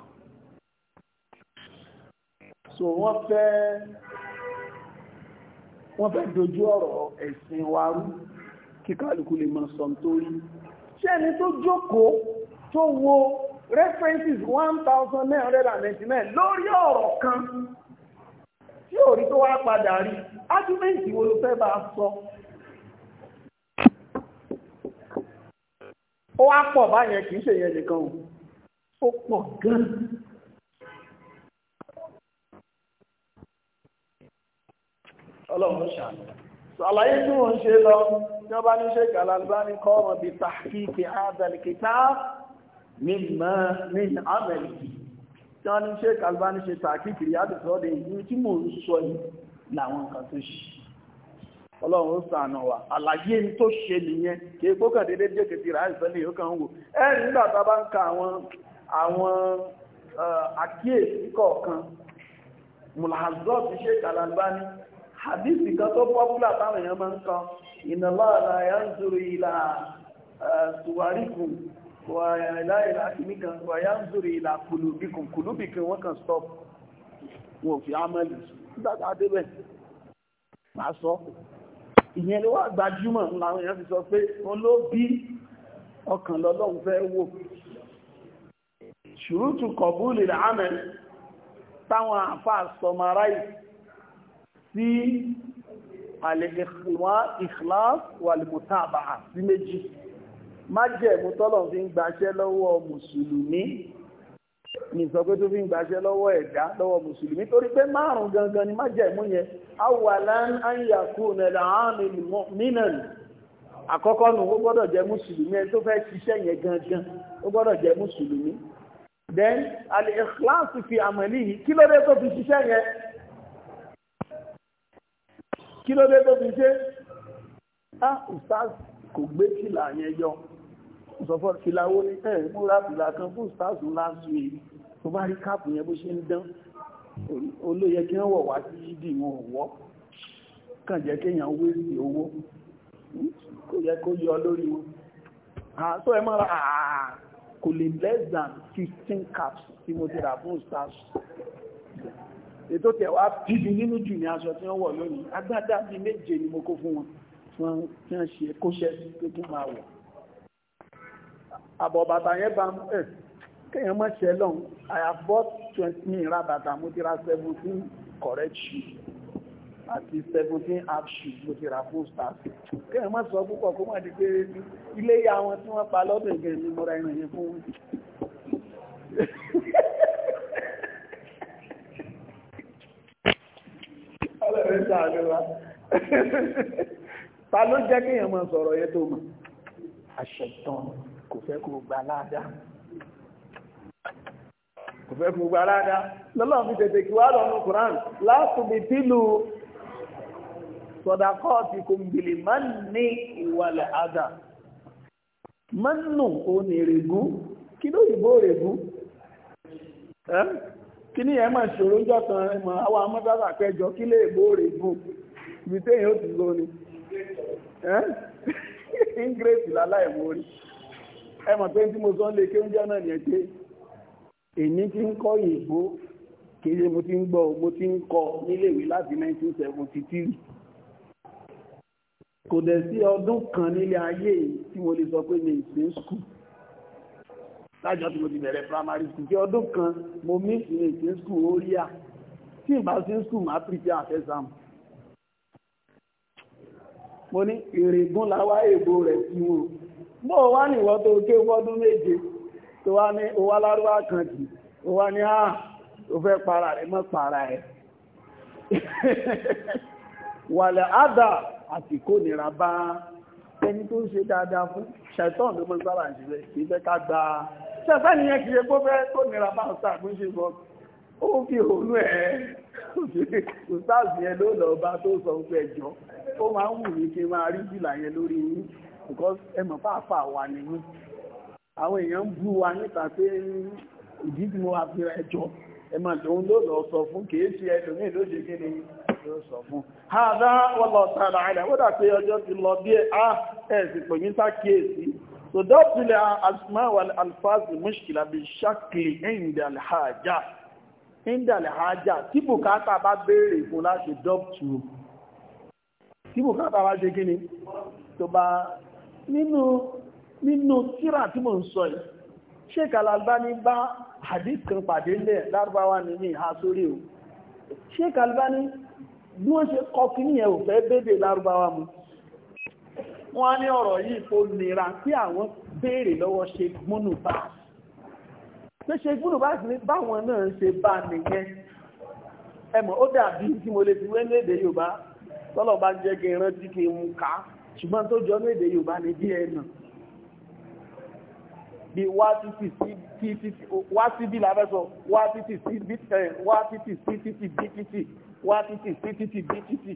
so wọ́n fẹ́ wọ́n fẹ́ dojú ọ̀rọ̀ ẹ̀sìn wa rú kí kálukú lè mọ̀ sọm tó rí ṣé ẹni tó jókòó tó wo references one thousand nine hundred and ninety nine lórí ọ̀rọ̀ kan tí ò rí tó wá padà rí argument wo ló fẹ́ bá sọ. So ó wá pọ̀ báyẹn kìí ṣe yẹn nìkan o ó pọ̀ gan ọlọ́run ṣàánú àlàyé tí wọ́n ṣe lọ tí wọ́n bá ní ṣe kàlàlùbá ní kọ́ ọmọ bíi tàkìkì àdàlìkìtà mímọ́ ní amẹ́rìkì tí wọ́n ní ṣe kàlàlùbá ní ṣe tàkìkì àdàlìkìtà yìí tí mò ń sọ yìí làwọn nǹkan tó ṣe ọlọ́run ó sànà wà àlàyé ní tó ṣe nìyẹn kí epo kàn déédéé jẹ́ kìtì rà ìfẹ́lẹ̀ yóò kàn ń wò ẹ nígbà tá a bá ń ka àwọn àwọn àkíyèsí kọ̀ọ̀kan mulhazọ́ ti ṣe kàlàgbá ní hadisi kan tó pọ́pùlà táwọn èèyàn máa ń kan inna Allaha la yanzuru ila suwarikum wà ilá ilá kìníkan wà yanzuru ila kùlùbíkùn kùlùbíkùn wọ́n kàn stop wọn ò fi ámẹ́lì sí. nígbà a débẹ̀ máa sọ ìyẹn ló wà gbajúmọ̀ láwọn èèyàn fi sọ pé wọ́n ló bí ọkàn lọ́lọ́run fẹ́ wò ṣùrùtù kọ̀búlì láàmẹ́ táwọn àfà sọmaráì sí al-ikhlas wal-mutaba'ah sí méjì májẹ̀mú tọ́lọ̀ fi ń gbaṣẹ́ lọ́wọ́ mùsùlùmí ní sọ pé tó fi ń gbàṣẹ lọ́wọ́ ẹ̀dá lọ́wọ́ mùsùlùmí torí pé márùn gangan ni má yẹn awalan anyakú nẹ̀dà àmì mínàlì àkọ́kọ́ nù ó gbọ́dọ̀ jẹ́ mùsùlùmí ẹni tó fẹ́ ṣiṣẹ́ yẹn gangan ó gbọ́dọ̀ jẹ́ mùsùlùmí then al-ikhlasu fi àmàlì yìí kí ló dé tó fi ṣiṣẹ́ yẹn kí ló dé tó fi ṣe ah ustaz kò gbé kìlà yẹn yọ ìsọ̀fọ́ ìlàwó ní ẹ̀ múra fìlà kan fún stars last week tó bá rí káàpù yẹn bó ṣe ń dán olóyẹ kí wọ́n wọ̀ wá sí yídì wọn wọ́ kàn jẹ́ kéèyàn wé sí owó kò yẹ kó yọ lórí wọn àtọ́ ẹ mọ́ra àà kò lè less than fifteen caps tí mo ti rà fún stars ètò tẹ̀wá bíbi nínú jù ní aṣọ tí wọ́n wọ̀ lónìí agbádá bíi méje ni mo kó fún wọn tí wọ́n ṣe kóṣẹ́ sí pé kí n máa wọ̀ àbọ̀bàtà yẹn bá ẹ̀ kéèyàn mọ́ ṣe lọ́n I have bought twenty ní ìra bàtà mo ra seventeen correct shoe àti seventeen half shoe mo ti ra full stars kéèyàn mọ́ sọ púpọ̀ kó mọ̀ di pé ilé ya wọn tí wọ́n pa lọ́dún ìgbẹ́ ni mo ìrìn yẹn fún ta ló jẹ́ kéèyàn mọ́ sọ̀rọ̀ yẹn tó mọ̀ àṣẹ kò fẹ́ kó gbà ládàá kò fẹ́ kó gbà ládàá lọ́lọ́ fi tètè kí wá lọ́nu Quran látùbí tìlù sọ̀dàkọ́ọ̀tì kò ń bìlì máa ń ní ìwàlẹ̀ àdá máa ń nù òun èrègún kí ló yìnbó èrègún kí ní ẹ̀mọ̀ ìṣòro jọ́tàn ẹ̀mọ̀ àwọn amọ́sára kẹjọ kí lè bó èrègún ibi téèyàn ó ti lóni ingrate láláìmórí ẹ mọ̀ pé tí mo sọ lè ké oúnjẹ náà yẹn pé èmi ti ń kọ́ ìgbó kéde mo ti ń gbọ́ mo ti ń kọ́ níléèwé láti 1973 kò dẹ̀ sí ọdún kan nílé ayé tí mo lè sọ pé mi ìgbé skul lájọ́ tí mo ti bẹ̀rẹ̀ primary school tí ọdún kan mo mí ìsinmi ìsinmi skul orí à tí ìbá sí skul máa pìtì àfẹ́sàmù mo ní ìrègùn láwá ègbò rẹ̀ sí wọn bó wá nìwọ́ tó ké fọ́dún méje tó wá ní owó lárúwá kan kì ó wá ní àà ah, tó fẹ́ para rẹ̀ mọ́ para rẹ̀ wàlẹ̀ ádà àti kó nira bá ẹni tó ń ṣe dáadáa fún ṣẹ̀tọ́ ló mọ́ sára ìṣẹ̀lẹ̀ kì í fẹ́ ká gba ṣẹ̀fẹ́ nìyẹn kì í ṣe kó fẹ́ kó nira bá ọ̀sà àgbóṣe bọ́ ó fi òun ẹ̀ ọ̀sà yẹn ló lọ bá tó sọ fẹ́ jọ ó máa ń wù mí kí n máa rí bìlà yẹn lórí yín because ẹ mọ̀ fáfà wà nínú àwọn èèyàn ń bú wa níta pé ìdí tí mo wà fi rẹ̀ jọ ẹ máa lòun ló lọ sọ fún kìí ṣe ẹlòmíì ló ṣe kí ni yóò sọ fún ààdá wọ́n lọ tààrà àìlẹ̀ wọ́n dà pé ọjọ́ ti lọ bí ẹ ẹ̀sìn pè ní sákìyèsí so dọ́pìlẹ̀ asma wal alfazi mushkila bi shakli indal haja indal haja tí bùkátà bá béèrè fún láti dọ́pìlẹ̀ tí bùkátà bá ṣe kí ni tó bá nínú nínú tíra tí mo ń sọ yìí Sheikh Al-Albani bá hadith kan pàdé lẹ́ lárúbáwá ní ní ìhà sórí o Sheikh Al-Albani bí wọ́n ṣe kọ́ kí ní ẹ̀ ò fẹ́ bèbè lárúbáwá mu wọ́n ní ọ̀rọ̀ yìí kò nira tí àwọn béèrè lọ́wọ́ Sheikh Ibn Baz pé Sheikh Ibn Baz ní báwọn náà ṣe bá nìyẹn ẹmọ̀ ó dàbí tí mo lè fi wé Yorùbá tọ́lọ̀ bá jẹ́ kí n rántí kí n ká ṣùgbọ́n tó jọ ní èdè Yorùbá ní bí ẹnà bí wá títì lábẹ́sọ wá títì sí wá títì sí títì bí títì wá títì sí títì bí títì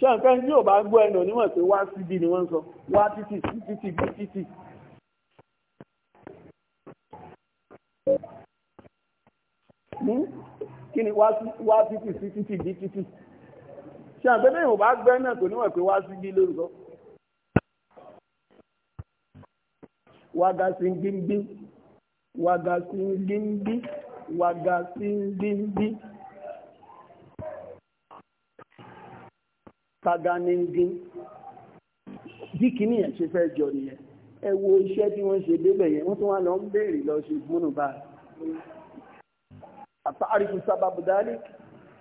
ṣe nǹkan tí yóò bá gbọ́ ẹnà onímọ̀ pé wá síbi ni wọ́n sọ wá títì sí títì bí títì hmm? kí ni wá títì sí títì bí títì ṣe àgbẹ̀dẹ̀ ìwọ̀n bá gbẹ́ náà kò níwọ̀n pé wá sí bí lórúkọ. wàgà sí gbígbí wàgà sí gbígbí wàgà sí gbígbí. paganingin bí kìíní yẹn ṣe fẹ́ jọ nìyẹn ẹ wo iṣẹ́ tí wọ́n ṣe débẹ̀ yẹn wọ́n tún wá lọ ń béèrè lọ ṣe gbónú báyìí. àtàrífù sábàbù dálíkì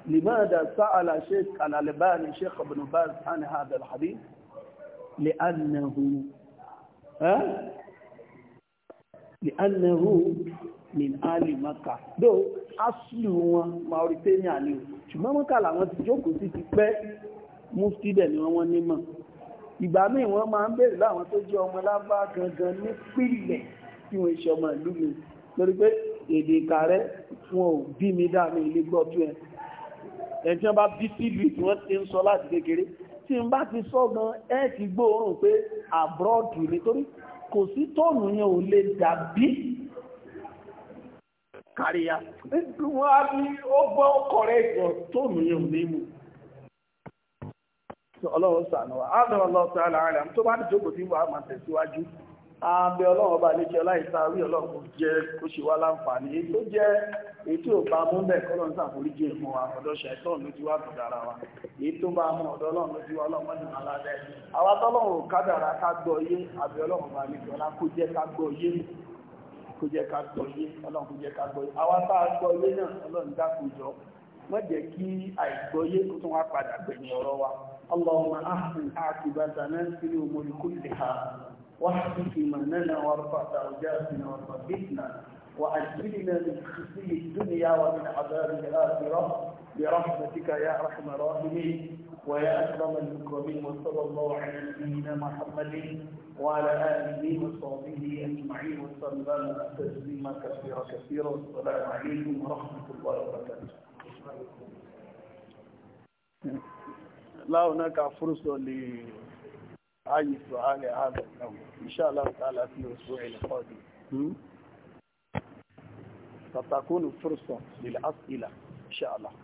لماذا سأل شيخ الألباني شيخ ابن باز عن هذا الحديث لأنه ها لأنه من آل مكة دو أصله موريتانيا ni ṣùgbọ́n mọ́kà làwọn ti jókòó sí ti pẹ́ mufti dẹ̀ ni wọ́n nímọ̀ ìgbà míì wọ́n máa ń bèèrè láwọn tó jẹ́ ọmọ lábá gangan ní pìlẹ̀ tí wọ́n ṣe ọmọ ìlú mi lórí pé èdè kààrẹ wọn ò bí mi dá mi ilé gbọ́ bí ẹ ẹni tí wọ́n bá bí sílùú tí wọ́n ti ń sọ láti kékeré tí n bá ti sọ gan ẹ ti gbóòórùn pé àbúrọ́dù nítorí kò sí tóònù yẹn ò lè dàbí kàríyá wọ́n á ní ó gbọ́ ọkọ̀rẹ́ ìgbọ̀ tóònù yẹn ò ní mú ọlọ́run sànù wa á lọ́wọ́ lọ́ọ́ tó bá ti jókòó sí wàá máa tẹ̀síwájú abẹ ọlọ́run ọba àlejò aláìsàárì ọlọ́run jẹ́ kó ṣe wá láǹfààní èyí tó jẹ́ èyí tí ò bá ní wa ọ̀dọ̀ ṣẹ̀tọ́n ló ti wá dára wa èyí tó bá mú ọ̀dọ̀ ọlọ́run ló ti wá ọlọ́run mọ́jú máa lálẹ́ àwa tọ́lọ́run ká dára ká gbọ́ yé abẹ a gbọ́ yé náà ọlọ́run wọ́n wa. náà ha. واحفظ إيماننا وارفع درجاتنا وثبتنا وأجلنا من خزي الدنيا ومن عذاب الآخرة برحمتك يا أرحم الراحمين ويا أكرم المكرمين وصلى الله على نبينا محمد وعلى آله وصحبه أجمعين وسلم تسليما كثيرا كثيرا والسلام عليكم ورحمة الله وبركاته لا هناك فرصة ل عن سؤال هذا النوع إن شاء الله تعالى في الأسبوع القادم ستكون فرصة للأسئلة إن شاء الله